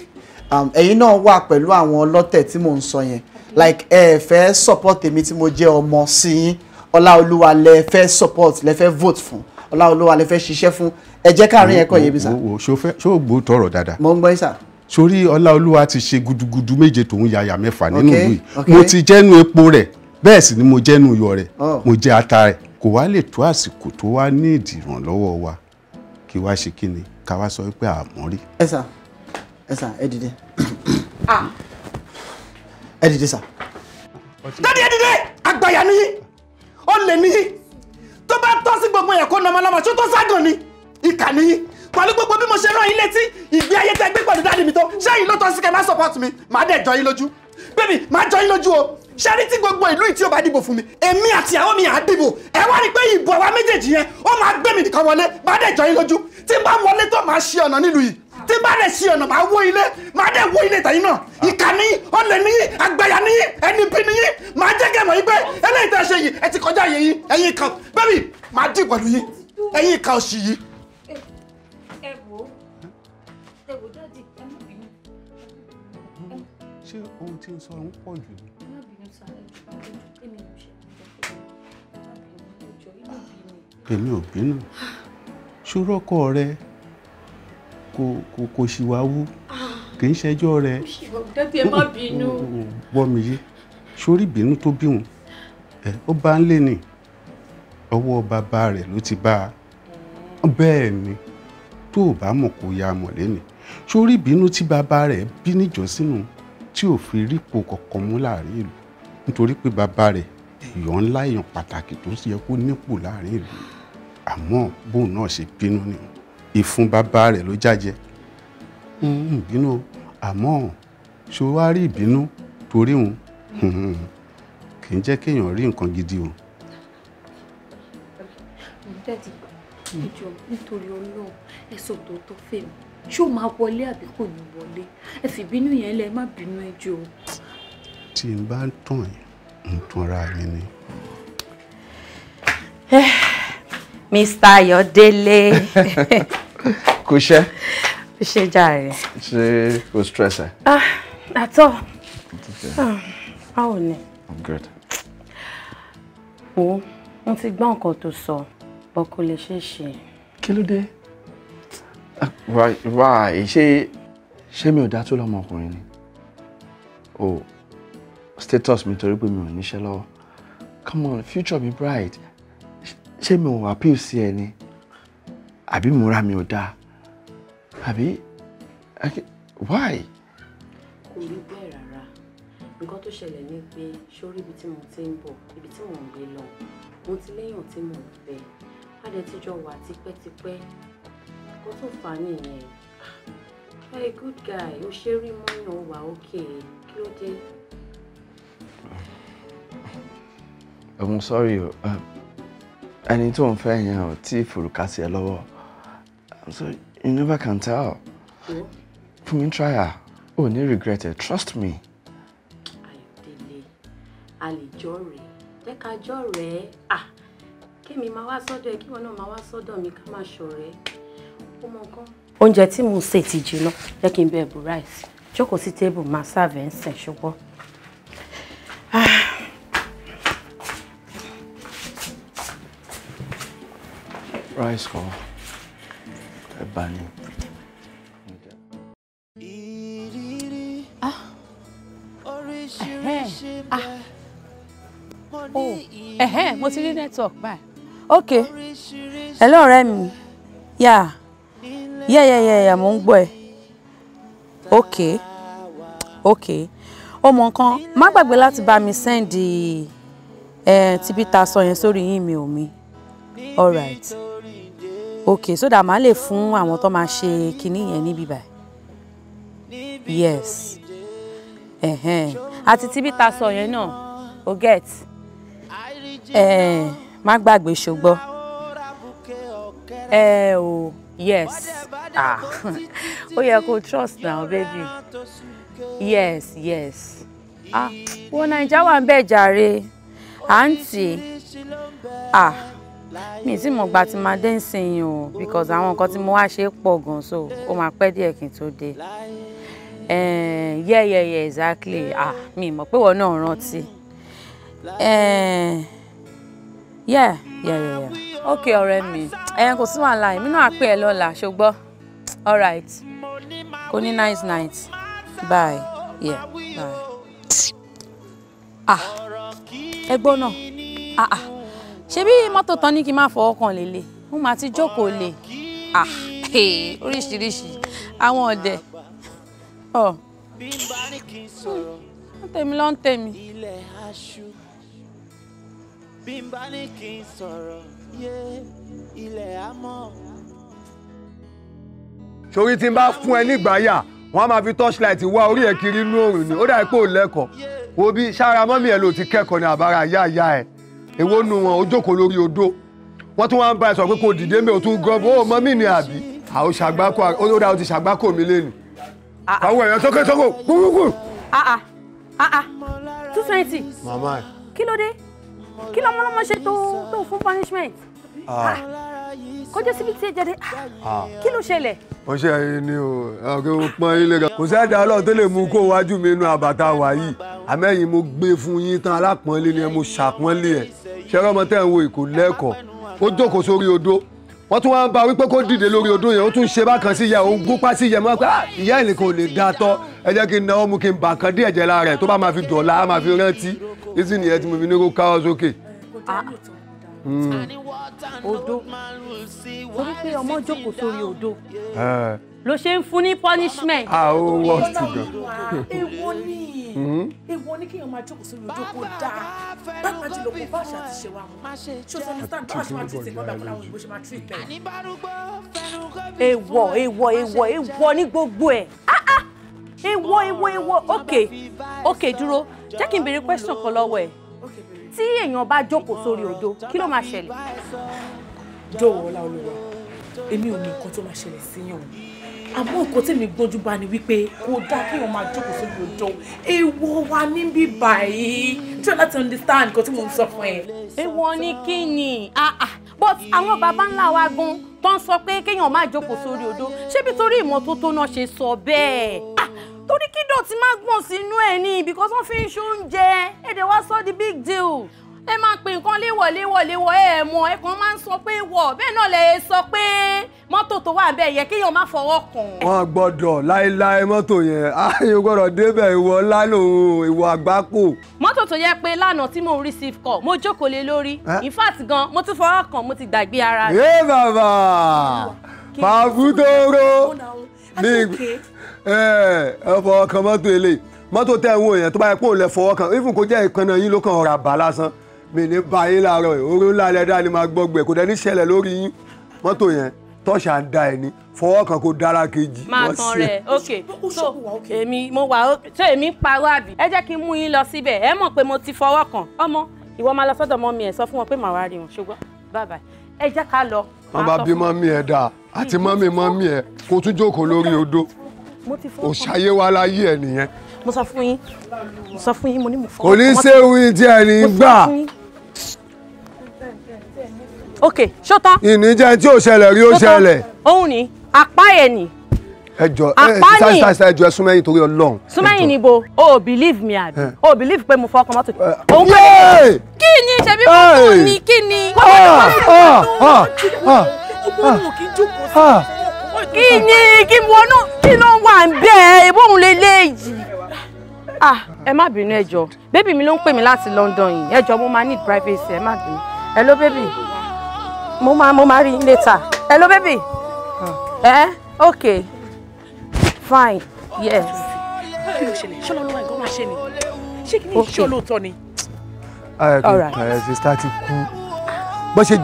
um, ẹ̀yin náà wà pẹ̀lú àwọn ọlọ́tẹ̀ tí mò ń sọ yẹn like ẹ fẹ́ support èmi tí mo jẹ́ ọmọ sí yín ọláolúwa lẹ fẹ́ support lẹ fẹ́ vote fún ọláolúwa lẹ fẹ́ ṣiṣẹ́ fún ẹ jẹ́ káàrin ẹ̀kọ́ yẹn bí sá. wo ṣo fẹ́ ṣo gbó tọrọ dáadáa. mo ń gbọ́ sá. sórí ọláolúwa ti ṣe gudugudu méje tòun yàyà mẹ́fà nínú ìlú yìí mo ti jẹ́nu epo rẹ̀ bẹ́ẹ̀ sì ni mo jẹ́nu iyọ̀ rẹ̀ oh. mo jẹ́ ata rẹ̀ kò wá lè tó àsìkò tó wá ní ìdìrànlọ́wọ́ wa kí wá ṣe kí ni ká wá sọ pé àmọ́ rí. ẹ sà ẹ sà ẹ dìde ẹ dìde sà. dáàdi ẹ dìde àgbàyà nìyí olè nìyí tó bá tọ́ sí gbogbo yẹn kó tó tó ságàn ni ìkà nìyí pẹ̀lú gbogbo bí mo ṣe rán yín létí ìgbé ayé tẹ gbé pẹ̀lú dáàdi mi tó ṣẹ́yìn ló tọ́ sí kẹ́ máa support mi màá dẹ̀ jọ yín lójú bébì màá jọ yín lójú o ṣẹ́rí tí gbogbo ìlú yìí tí ó bá dìbò fún mi èmi àti àwọn mi à dìbò ẹ wá rí i pé ìbò àwa méjèèjì yẹn ó máa gbé mi nìkan wọlé bá dẹ̀ jọ yín lójú tí bá wọlé tó máa ṣe ọ̀nà nílùú yìí tí bá rẹ̀ ṣe ọ̀nà máa wó ilé máa dẹ̀ wó ilé tẹ̀yìn náà ìkà ní ọ̀lẹ̀ ní àgbàyà ní ẹni bí ní máa jẹ́ kẹ́mọ̀ yìí pé eléyìí tẹ́ ṣe yìí ẹ ti kọjá yìí ẹ̀yin kan bẹ́ẹ̀ni máa dì pẹ̀lú yìí ẹ̀yin kan òṣì yìí. ẹ wo ẹ wo dáàdì ẹ má bínú. ṣé ohun tí ń sọ ń pọ̀ jù ní. ẹ má bínú sáré èmi ò ṣe èmi ò bínú ṣòro ọkọ rẹ kò kò kò ṣìwáwú kì í ṣẹjọ́ rẹ. dádì ẹ má bínú. gbọ́ mi yé sórí ìbínú tó bí wọn ó bá ń lé ní ọwọ́ bàbá rẹ̀ ló ti bá a bẹ́ẹ̀ ni tó o bá mọ̀ kó ya mọ̀ lẹ́nu sórí ìbínú tí bàbá rẹ̀ bí níjọ́sínú tí ò fi rípo kọ̀ọ̀kan mú láàrin ìlú nítorí pé bàbá rẹ̀ èèyàn ńlá èèyàn pàtàkì tó yẹ kó nípò láàrin ìlú àmọ́ bóun náà ṣe bínú ni ìfun bàbá rẹ̀ ló jàjẹ́ ń bínú àmọ́ ṣó wá rí ìbínú torí òun kì í jẹ́ kéèyàn rí nǹkan gidi o. dádì ìjọ nítorí ọlọ́run ẹ sọ tòótọ́ fèmí ṣó máa wọlé àbí kò ní wọlé ẹ fi bínú yẹn lẹ má bínú ẹ jọ. tí n bá ń tàn yín ń tanra mi ni. ẹ Mr. Ayọ̀délé. kò ṣe. kò ṣe jàre. ṣe kò stress ẹ. ah at all. Ah, báwo ni. i'm good. wo mo ti gbọ́ nǹkan tó sọ bọ́ kò lè ṣe é ṣe. kí ló dé. Ah, why ṣé ṣé mi ò dá tó lọ́mọkùnrin ni o oh, status mi torí pé mi ò níṣẹ́ lọ́wọ́ come on future be bright ṣé mi ò appeal sí ẹ ni àbí múra mi ò dáa àbí why. kò rí bẹ́ẹ̀ rárá nǹkan tó ṣẹlẹ̀ ni pé sórí ibi tí mo ti ń bọ̀ ibi tí mò ń gbé lọ mo ti léèyàn tí mò ń fẹ́ a dẹ̀ wà tipẹ́tipẹ́ kó tó fà á nìyẹn hey good guy ó ṣe rí mọ́yàn wà ókè kí ló dé. I'm sorry. Uh, ẹni tó ń fẹ́ yẹn ò tí ì fòrùka sí ẹ lọ́wọ́ so you never can tell fún mi try her ò ní regret it trust me. àìdèlè àlejò rèé jẹ́ ká jọ rẹ̀ ẹ́ kémi máa wá sọ́dọ̀ ẹ kí wọn náà máa wá sọ́dọ̀ mi ká máa ṣọ̀rẹ́ ó mọ nǹkan. oúnjẹ tí mò ń sè ti jiná jẹ́ kí n bẹ́ẹ̀ bu ráìsì jókòó sí tébù máa ṣàbẹ̀ ń sẹ̀ ṣùgbọ́n. Ah. price kan ẹ bá ní. Ah. ẹ̀hẹ́n ah. oh. mo ti network báyìí. ok hello Remy. Yeah, yeah, yeah, yeah, yà yà mo okay. gbọ́ ẹ ok ok ó mọ nǹkan má gbàgbé láti bá mi sẹ́ndì ẹ̀ eh, tíbi ta sọ yẹn sórí yín all right okay so that màá lè fun àwọn tó máa ṣe Kini yẹn níbí báyìí yes àti tíbi ta sọ yẹn náà o get má gbàgbé ṣùgbọ́n ẹ o yes ah ó ye kó trust now baby yes yes ah wo naija wà ń bẹ̀ jàre àǹtí ah mi tí mo gba ti máa dé nsìnyìn o because àwọn nǹkan tí mo wá ṣe pọ̀ gan so ó máa pẹ́ díẹ̀ kí n tó dé eh, yeah yeah yeah exactly ah mi mọ̀ pé wọ́n náà Eh yeah yeah yeah ok ọ̀rẹ́ mi eh, kò sí wàhálà èmi náà pè ẹ́ lọ́la All right. kò ní nice night bye yeah bye ah ẹgbọ́n náà ah ah ṣebí mọ́tò tán ní kí n má fọwọ́ kàn lélẹ̀ mo máa ti jókòó lè ah, oríṣiríṣi àwọn ọ̀dẹ̀ ọ̀ hmm, ń tèmi ló ń tèmi. bí n bá ní kí tí n bá fún ẹ nígbàyà wọn a máa fi torchlight wá orí ẹ kiri inú òrùn ni ó dà pé ò lẹ́kọ̀ọ́ wo bí sára mọ́mí ẹ ló ti kẹ́kọ̀ọ́ ní àbára yáyá ẹ èwo nu wọn ó jókòó lórí odó wọ́n tún wá ń bá ẹ sọ pé kò dìde mẹ́ o tún gan bó o mọ mí ni àbí àwọn ṣàgbákò ó dáa o ti ṣàgbákò mi lẹ́nu ah, ah. àwọn èèyàn sókè sókò kúkú. two twenty. Mama. ẹ. kí ló dé kí lọmọlọmọ ṣe tó tó fún punishment ah. kọjá síbi tí ẹ jáde kí ló ṣẹlẹ̀. wọ́n ṣe ẹyin ni o ọ̀gẹ́ o pọ́n ilé ga. kò sẹ́ẹ̀dá ọlọ́run tó lè mú kó wájú mi inú àbàtà wàyí àmẹ́yìn mo gbé fún yín tán alápọ̀nlé ni ẹ mo ṣàpọ́nlé ẹ̀ ṣẹ́rọ ọmọ tẹ́ ń wo èkó lẹ́ẹ̀kọ́ ó jókòó sórí odó wọ́n tún wá ń ba wípé kó dìde lórí odó yẹn ó tún ṣe bákan sí ìyá òun gúnpá sí ìyá mọ́ pé ah, ìyá ẹ̀ nìkan ò lè da tọ́ ẹ jẹ́ kí n náwó mu kí n bà kan díẹ̀ jẹ́ lára ẹ̀ tó bá máa fi dọ̀la á máa fi rántí ìsìn nìyẹn tí mo fi ní kó káwọ́ sókè. Hmm. odó torí pé ọmọ jókòó sórí odó ló ṣe ń fún ní punishment. a ó wọ ti gan. èwo ni hmm? èwo ni kéèyàn máa jókòó sórí ojú kó dáa pápá jùlọ kó bá àṣà ti ṣe wa mú ṣó tó ní stand báwa ṣe máa treat ìgbọ́dọ̀ kó làwọn òyìnbó ṣe máa treat bẹ́ẹ̀. èwọ̀ èwọ̀ èwọ̀ èwọ̀ ní gbogbo ẹ̀ ah, ah. èwọ̀ èwọ̀ èwọ̀ ok ok dúró jẹ́ kí n béèrè question kan lọ́wọ́ ẹ̀ tí èèyàn bá jókòó sórí odó kí ló máa ṣẹlẹ̀. jọ̀wọ́ ọlá olúwa èmi ò ní nǹkan tó máa ṣẹlẹ̀ síyàn o àmọ́ òkò tèmi gbójú bá ni wípé kò dáa kí wọ́n máa jókòó sórí odò èèwọ̀ wa níbí báyìí tí wọ́n láti understand nǹkan tí mò ń sọ fún ẹ. èèwọ̀ ni kí ni ah, ah. but àwọn baba ńlá wa gan tó ń sọ pé kéèyàn máa jókòó sórí odò ṣébi torí ìmọ́tótó náà ṣe sọ bẹ́ẹ̀ ah, torí kí dọ̀tí má gbọ̀n sínú ẹ̀ ni because wọ́n fi ń ṣoúnjẹ èdè wa sọ di big deal ẹ máa pè nǹkan léwọ̀ léwọ̀ léwọ̀ ẹ mọ̀ ẹ kàn máa ń sọ pé wọ̀ bẹ́ẹ̀ náà lẹ ẹ sọ pé mọ́tò tó wà bẹ́ẹ̀ yẹ kéèyàn má fọwọ́ kàn. wọn gbọ́dọ̀ láéláé mọ́tò yẹn ah, ààyè gbọ́dọ̀ débẹ̀ ìwọ lánà ìwọ àgbákò. mọ́tò tó yẹ pé lánàá tí mò ń rí sif kọ mo jókòó lé lórí in fact gan mo tún fọwọ́ kàn mo ti gbàgbé ara rẹ. ẹ bàbá pàfútóró ní ẹ fọwọ́ kan mọ́tò eléyìí mọ́tò tẹ̀ ń wò yẹn tó bá yẹ pé òun lè fọwọ́ kan even kó jẹ́ ìkànnì yín ló kàn ọ̀rà bá lásán mi ní báyìí láàárọ̀ yìí ńlá ilẹ̀ ni máa gbọ́gbẹ́ kò dẹ́ni ṣẹlẹ̀ lórí yín mọ́tò yẹn tọ́ṣà ń da ẹni fọwọ́ kan kó dára kejì. máa tan rẹ ok so èmi mo wà ó so èmi parọ́ àbí ẹ jẹ́ kí n mú yín lọ síbẹ̀ ẹ mọ̀ pé mo ti fọwọ́ kan ọmọ ìwọ máa lọ sọ́dọ̀ mọ́ mi ẹ̀ sọ fún wọn pé màá wá rí wọn ṣùgbọ́n bàbá ẹ jẹ́ ká lọ. wọ́n bá bí mọ́mí ẹ̀ dáa àti mọ́mí mọ́mí ẹ̀ kó tún jókòó lórí odó òṣàyé wa láyé ẹ̀ nìyẹn. mo sọ fún yín mo sọ fún yín mo ní mo fọwọ́ kọ́ mọ́tò ok ṣótán. ìníjẹ tí ò ṣẹlẹ̀ rí ó ṣẹlẹ̀. òun ni apá ẹ̀ ni. ẹ jọ ẹ ṣáà ṣáà ṣáà ẹ jọ ẹ súnmẹ́yìn torí ọlọ́run. súnmẹ́yìn níbo o ò believe me àbí o ò believe pé mo fọkàn mọ́tò. òun pé kí ni ṣebí fọ́tò ni kí ni. kí ni kí wọnú kí ló wà ń bẹ́ẹ̀ ìbóhùn lélẹ́yìí ah ẹ má bínú ẹ jọ̀ọ́ bébì mi ló ń pè mí láti London yìí ẹ jọ̀ọ́ mo máa need privacy ẹ má bínú hello bébì mo máa mo máa rí later hello baby eh okay fine yes. kí ló ṣẹlẹ̀ ṣọlá olúwa ìgbọ́n máa ṣe ni ṣé kí ni eh, bó ṣe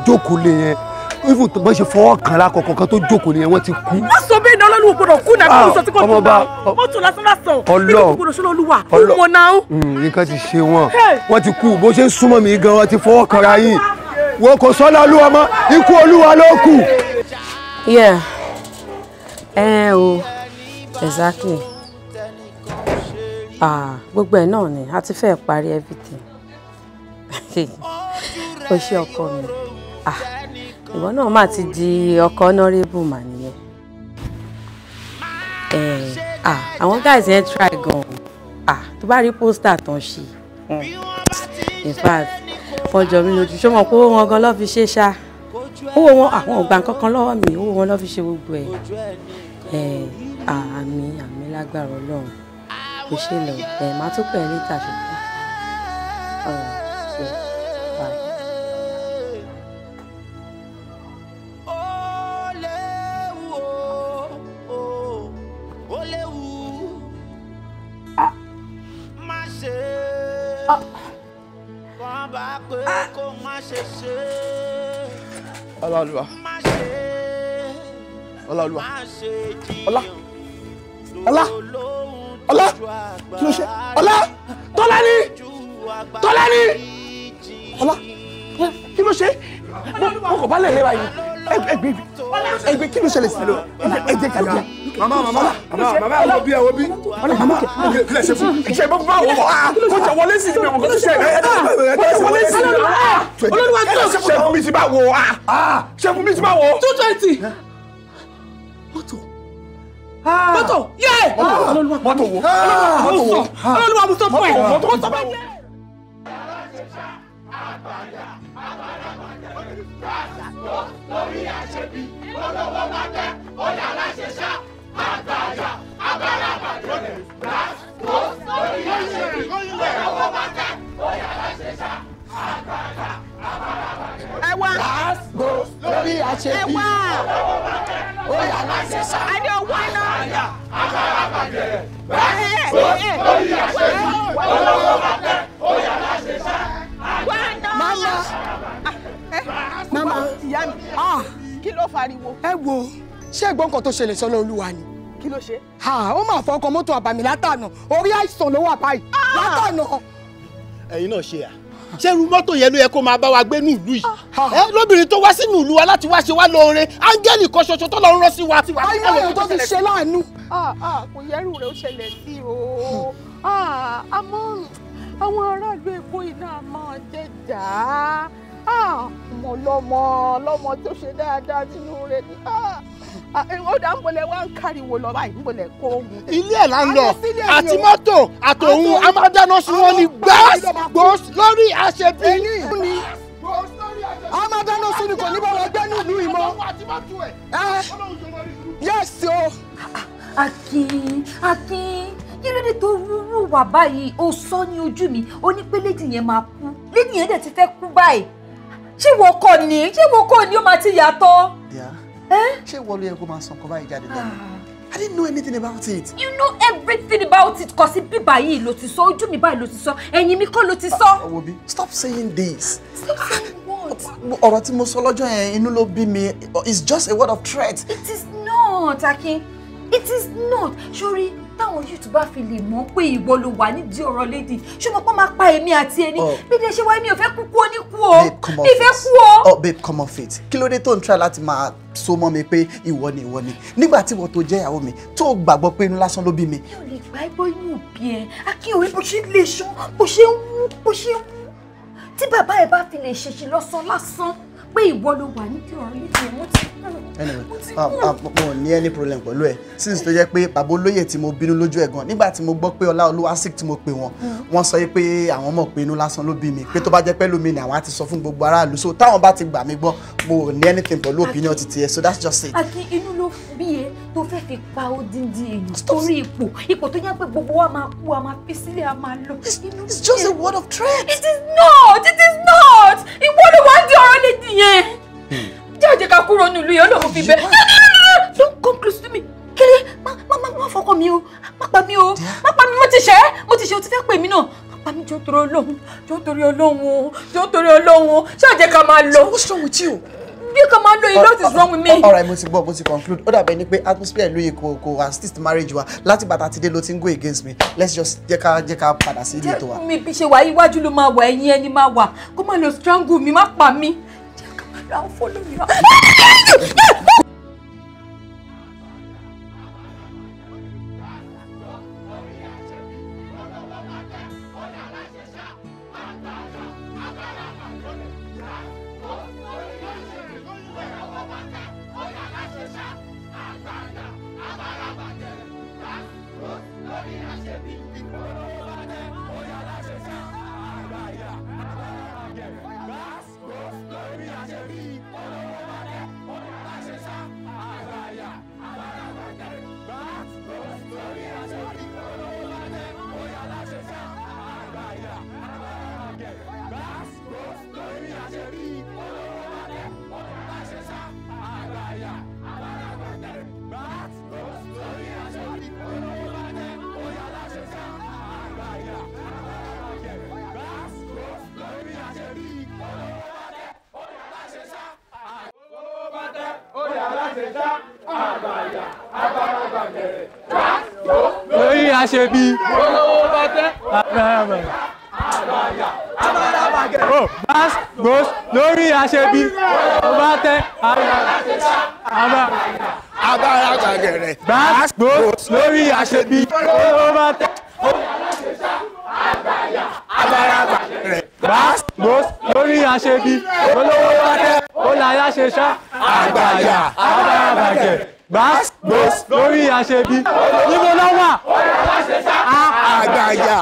jókòó lé yẹn even bó ṣe fọwọ́ kan lákọ̀ọ́kọ́ kan tó jókòó lé yẹn wọ́n ti kú. wọ́n sọ bẹ́ẹ̀ ni ọlọ́run gbọ́dọ̀ kú náà kí n sọ tí kò ah, tó bá mọ́tò lásán lásán ọlọ́ gbọ́dọ̀ ṣọlá olúwa kú wọn náà. Hmm, nǹkan ti ṣe wọn wọn ti kú bó ṣe ń súnmọ́ mi gan wọn ti fọwọ́ kan ra yín wo kò sọ́lá olúwa mọ́ ikú olúwa ló kù. yeah ẹ o exactly ah gbogbo ẹ náà ni a ti fẹ́ parí everything o ṣe ọkọ mi ah ìwọ náà má ti di ọkọ honourable mà nìyẹn ẹ ah àwọn guys yẹn try gan ah tó bá rí pósítà tán ṣe hmm. in fact ọjọ mi lójú ṣé mo kó wọn gan lọ fi ṣe ṣá owó wọn àwọn ò kankan lọ́wọ́ mi owó wọn lọ fi ṣe gbogbo ẹ ẹ àmì àmì lágbára Ọlọ́run kò ṣe lọ ẹ má tó pẹ níta ṣùgbọ́n. Hola, hola, hola, hola, hola, hola. ọlá ọlá Hola, ló ṣe ọlá tọ́lání hola. ọlá kí ló ṣe mo kò bá lè lè báyìí ẹgbẹ́ ẹgbẹ́ kí ló ṣẹlẹ̀ sí ẹgbẹ́ kàlùkù mama mama mama mama awo bi awo bi mama kile se fun. ìṣe bá bá wọ wá kó jẹ wọlé sí ibi ọmọ kó ṣe ẹ ẹ wọlé sí ibi ọmọ olóríwá tó ṣe fún mi ti bá wò á ṣe fún mi ti bá wò. two twenty mọ́tò mọ́tò yé mọ́tò wo mọ́tò wo olóríwá mo sọ fún ẹ mọ́tò bá yẹ. lórí àṣebí olówó máa tẹ ó yàrá ṣe ṣá àgbàyà àgbàlagbà lónìí lórí àṣebí olówó máa tẹ ó yàrá ṣe ṣá àgbàyà wá. last goes lórí àṣebí. ẹ wá. ó yà láti sá. adé wá náà. àyà àkàrà bàjẹ́. last goes lórí àṣebí. olówó bàtẹ́ ó yà láti sá. wá náà. mama mama ìyá mi ah, kí ló fariwo. ẹ wo ṣé ẹ̀gbọ́n kan tó ṣẹlẹ̀ sọ́nà olúwa ni kí ló ṣe. ha ó máa fọ ọkọ mọ́tò àbàmì látànà orí àìsàn ló wà báyìí ah! látànà. ẹ̀yin náà ṣe à ṣẹ́rù mọ́tò yẹn ló yẹ kó máa bá wa gbé ní yìí ah. ẹ lóbìnrin tó wá sínú ìlú wa láti wá ṣe wá lóore áńgẹ́lì kan ṣoṣo tó lọ ń rọ́ sí wa. ayé ayé tó ti ṣe láàánú. Ah, ah, kò yẹ́rù rẹ̀ ó ṣẹlẹ̀ sí o àmọ́ àwọn aráàlú èkó iná máa jẹjà ọmọ lọmọ lọmọ tó ṣe dáadáa nínú rẹ̀ ni. Ah, eh, ọ̀dà ń bọ̀lẹ̀ wá ń káriwo lọ báyìí ń bọ̀lẹ̀ kó ohun. ilé ẹ̀ la ń lọ àti mọ́tò àtòhun a máa dáná sun wọn ni gbọ́s lórí àṣebí. a máa dáná sun ni kò ní bọ́lá gbẹ́ nílùú ìmọ̀. Ah, ah. yẹ́sì o. Akin Akin kí ló dé tó rúrú wà báyìí o sọ ní ojú mi o ní pé lédi yẹn máa kú lédi yẹn dẹ̀ ti fẹ́ kú báyìí ṣé wọ́n kọ́ ni ṣé wọ́n kọ́ ni ó máa ti yàtọ̀. Yeah. Eh? ṣé ìwọ ló yẹ kó máa sọ nǹkan báyìí ah. I didn't know anything about it. You know everything about it kò sí bíbá yìí ló ti sọ ojú mi báyìí ló ti sọ ẹ̀yìn mi kọ́ ló ti sọ. Ah, stop saying this. Stop saying what? Ọ̀rọ̀ tí mo sọ it's just a word of threat. It is not Akin it is not sori táwọn YouTube bá fi lè mọ̀ pé ìwọ ló wà nídìí ọ̀rọ̀ lédi ṣùgbọ́n pọ́n máa pa èmi àti ẹni oh. bí ilé ṣe wáyé mi ò fẹ́ kú kú ó kú o mi fẹ́ kú o. oh babe come on, it kí ló dé tó ń try láti máa so mọ́ mi pé ìwọ ni ìwọ ni nígbà tí ìwọ tó jẹ́ ìyàwó mi tó gbàgbọ́ pé inú lásán ló bí mi. mi ò lè gbà ẹ́ bọ́ inú òbí ẹ akínyòwe bó ṣe lè ṣan bó ṣe ń wú bó ṣe ń wú tí bàbá ẹ bá fi lè ṣèṣe lọ́sàn lásán pé ìwọ ló wà ní kíọ̀rọ̀ níbi ẹ̀ wọ́n anyway mo ní any problem pẹ̀lú ẹ̀ since tó jẹ́ pé bàbá olóyè tí mo bínú lójú ẹ̀ gan nígbà tí mo gbọ́ pé ọlá olúwa sick tí mo pè wọ́n mm. wọ́n sọ pé àwọn mọ̀ pé inú lásán ló bí mi pé tó bá jẹ́ pé lómi ni àwọn á ti sọ fún gbogbo aráàlú so táwọn bá ti gbà mí gbọ́ mo ní anything pẹ̀lú opinion ti tiẹ̀ so that's just it. àti inú ló bí e tó fẹ́ fi pa odindi èyí torí ipò ipò tó yẹ pé gbogbo wa máa kú a sílẹ̀ a máa lọ. it's just a word of threat. it is not it but ìwọ ló wá ń di ọ̀rọ̀ lẹ́dí yẹn hmm. jẹ́ ká kúrò nílùú yẹn olóhùn fi bẹ́ẹ̀ don't come close to me kiri má má má má fọkàn mi o má pa mi o má pa mi mo ti ṣe mo ti ṣe o ti fẹ́ pè mí náà má pa mi jọ torí Ọlọ́run jọ torí Ọlọ́run jọ torí Ọlọ́run o ká máa lọ. what's wrong with you? bí commando you know what is wrong with me. alright mo ti gbọ́ mo ti conclude ó dàbẹ̀ ni pé atmosphere lóye kò kò assist marriage wa láti bàtà ti dé ló ti ń go against me let's just jẹ́ ká jẹ́ ká padà sí ilé ètò wa. mi ṣe wà iwájú ló máa wà ẹ̀yìn ẹni máa wà kó má lọ strangle mi má pa mi jẹ́ ká má lọ àwọn fọ́lọ́ mi náà. ṣe bí. olówó bá tẹ́. Bass Gbos lórí aṣebi ó bá tẹ abara gbàgẹ̀rẹ̀. Bass Gbos lórí aṣebi ó bá tẹ abara gbàgẹ̀rẹ̀. Bass Gbos lórí aṣebi olówó bá tẹ ó láyà ṣe gbàgbós lórí àṣebí níbo ló wà. àgbàyà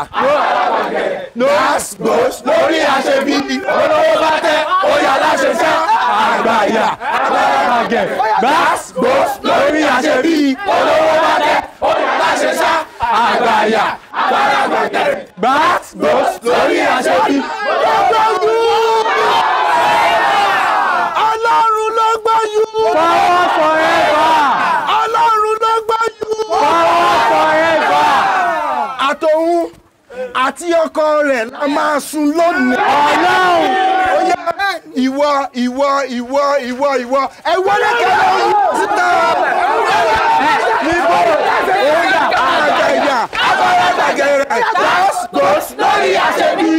gbàgbós lórí àṣebí olówó bá tẹ ó yà láṣẹṣẹ àgbàyà àgbàgẹ gbàgbós lórí àṣebí olówó bá tẹ ó yà láṣẹṣẹ àgbàyà àgbàgẹ gbàgbós lórí àṣebí olówó bá tẹ. Power forever. Ọlọ́run ló gbójú. Power forever. Àtòun àti ọkọ rẹ̀ la máa sun lónìí. Ọlọ́run. Ó yá ìwọ ìwọ ìwọ ìwọ ìwọ ẹ wọlé kẹlẹ oyún síta. Níbo ó yà àgàgà àbára àgàgà rẹ̀. Gọ́s gọ́s lórí àṣẹbí.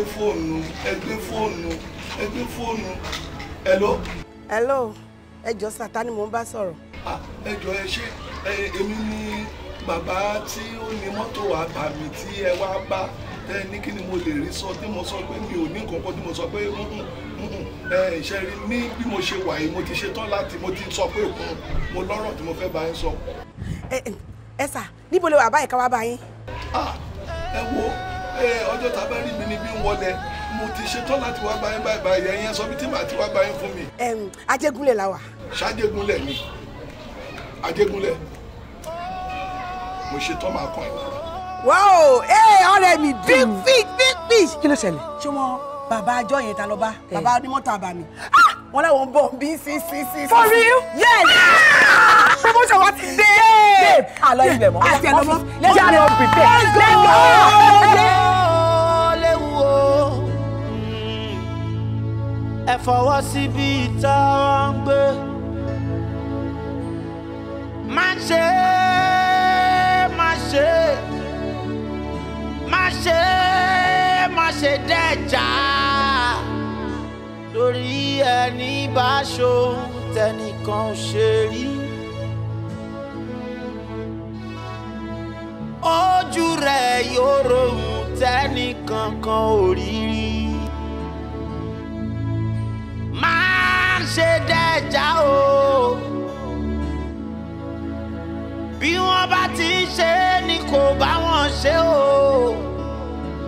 gbé fóònù ẹ gbé fóònù ẹ gbé fóònù hello. hello ẹ jọ sátá ni mò ń bá sọ̀rọ̀. ẹ jọ ẹ ṣe èmi ni bàbá tí ó ní mọ́tò àbàmì tí ẹ wá bá ẹ ní kí ni mo lè rí sọ tí mo sọ pé mi ò ní nǹkan kan tí mo sọ pé mm, mm, mm, ṣe rí ní bí mo ṣe wà yìí mo ti ṣetán láti mo ti sọ pé òkun mo lọ́rọ̀ tí mo fẹ́ bá yín sọ. ẹ ẹ sà níbo lè wà báyìí ká wá bá yín. ẹ wo ọjọ́ tá a bá rí mi ni bí ń wọlé mo ti ṣetán láti wá báyìí báyìí báyìí ẹ̀yin sọ bí tí màá ti wá báyìí fún mi. ajégúnlẹ̀ la wà. ṣàjégúnlẹ̀ ni ajégúnlẹ̀ mo ṣetán máa kàn yín. wáò ee ọ̀rẹ́ mi big fish big fish. kí ló ṣẹlẹ̀. ṣé wọn bàbá àjọ yẹn ta lọ bá eh. bàbá onímọ̀tà bá ah! wọn làwọn ń bí sí sí sí. for real. yes ṣọwọ́ ah! ṣọwọ́ ti dé. babe àlọ́ ah, ilẹ̀ mọ́. àti ẹ̀ lọ́mọ. let's go let's go. ẹ fọwọ́ síbi ìta wọn ń gbé má ṣe é má ṣe é má ṣe é má ṣe dẹ́jà lórí ẹni bá ṣohun tẹnìkan ò ṣe rí. ojú rẹ̀ yóò rohùn tẹ́nìkan kan ò rí rí máa ṣe dẹ́jà o bí wọ́n bá ti ń ṣe é ni kò bá wọn ṣe o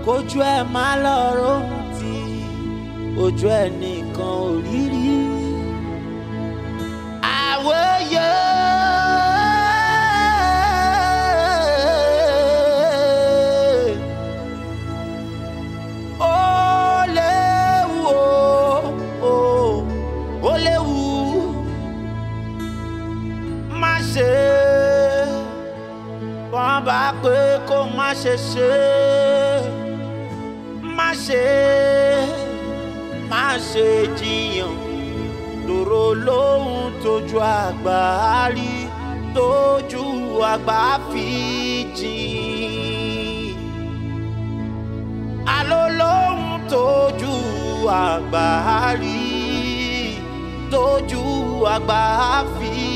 kójú ẹ̀ máa lọ rohun tí ojú ẹ̀ nìkan ò rí rí àwòye. pé kó má ṣe ṣe má ṣe má ṣe jiyàn lòrò lóhun tójú àgbà á rí tójú àgbà á fi jìn àlọ́ lóhun tójú àgbà á rí tójú àgbà á fi jìn.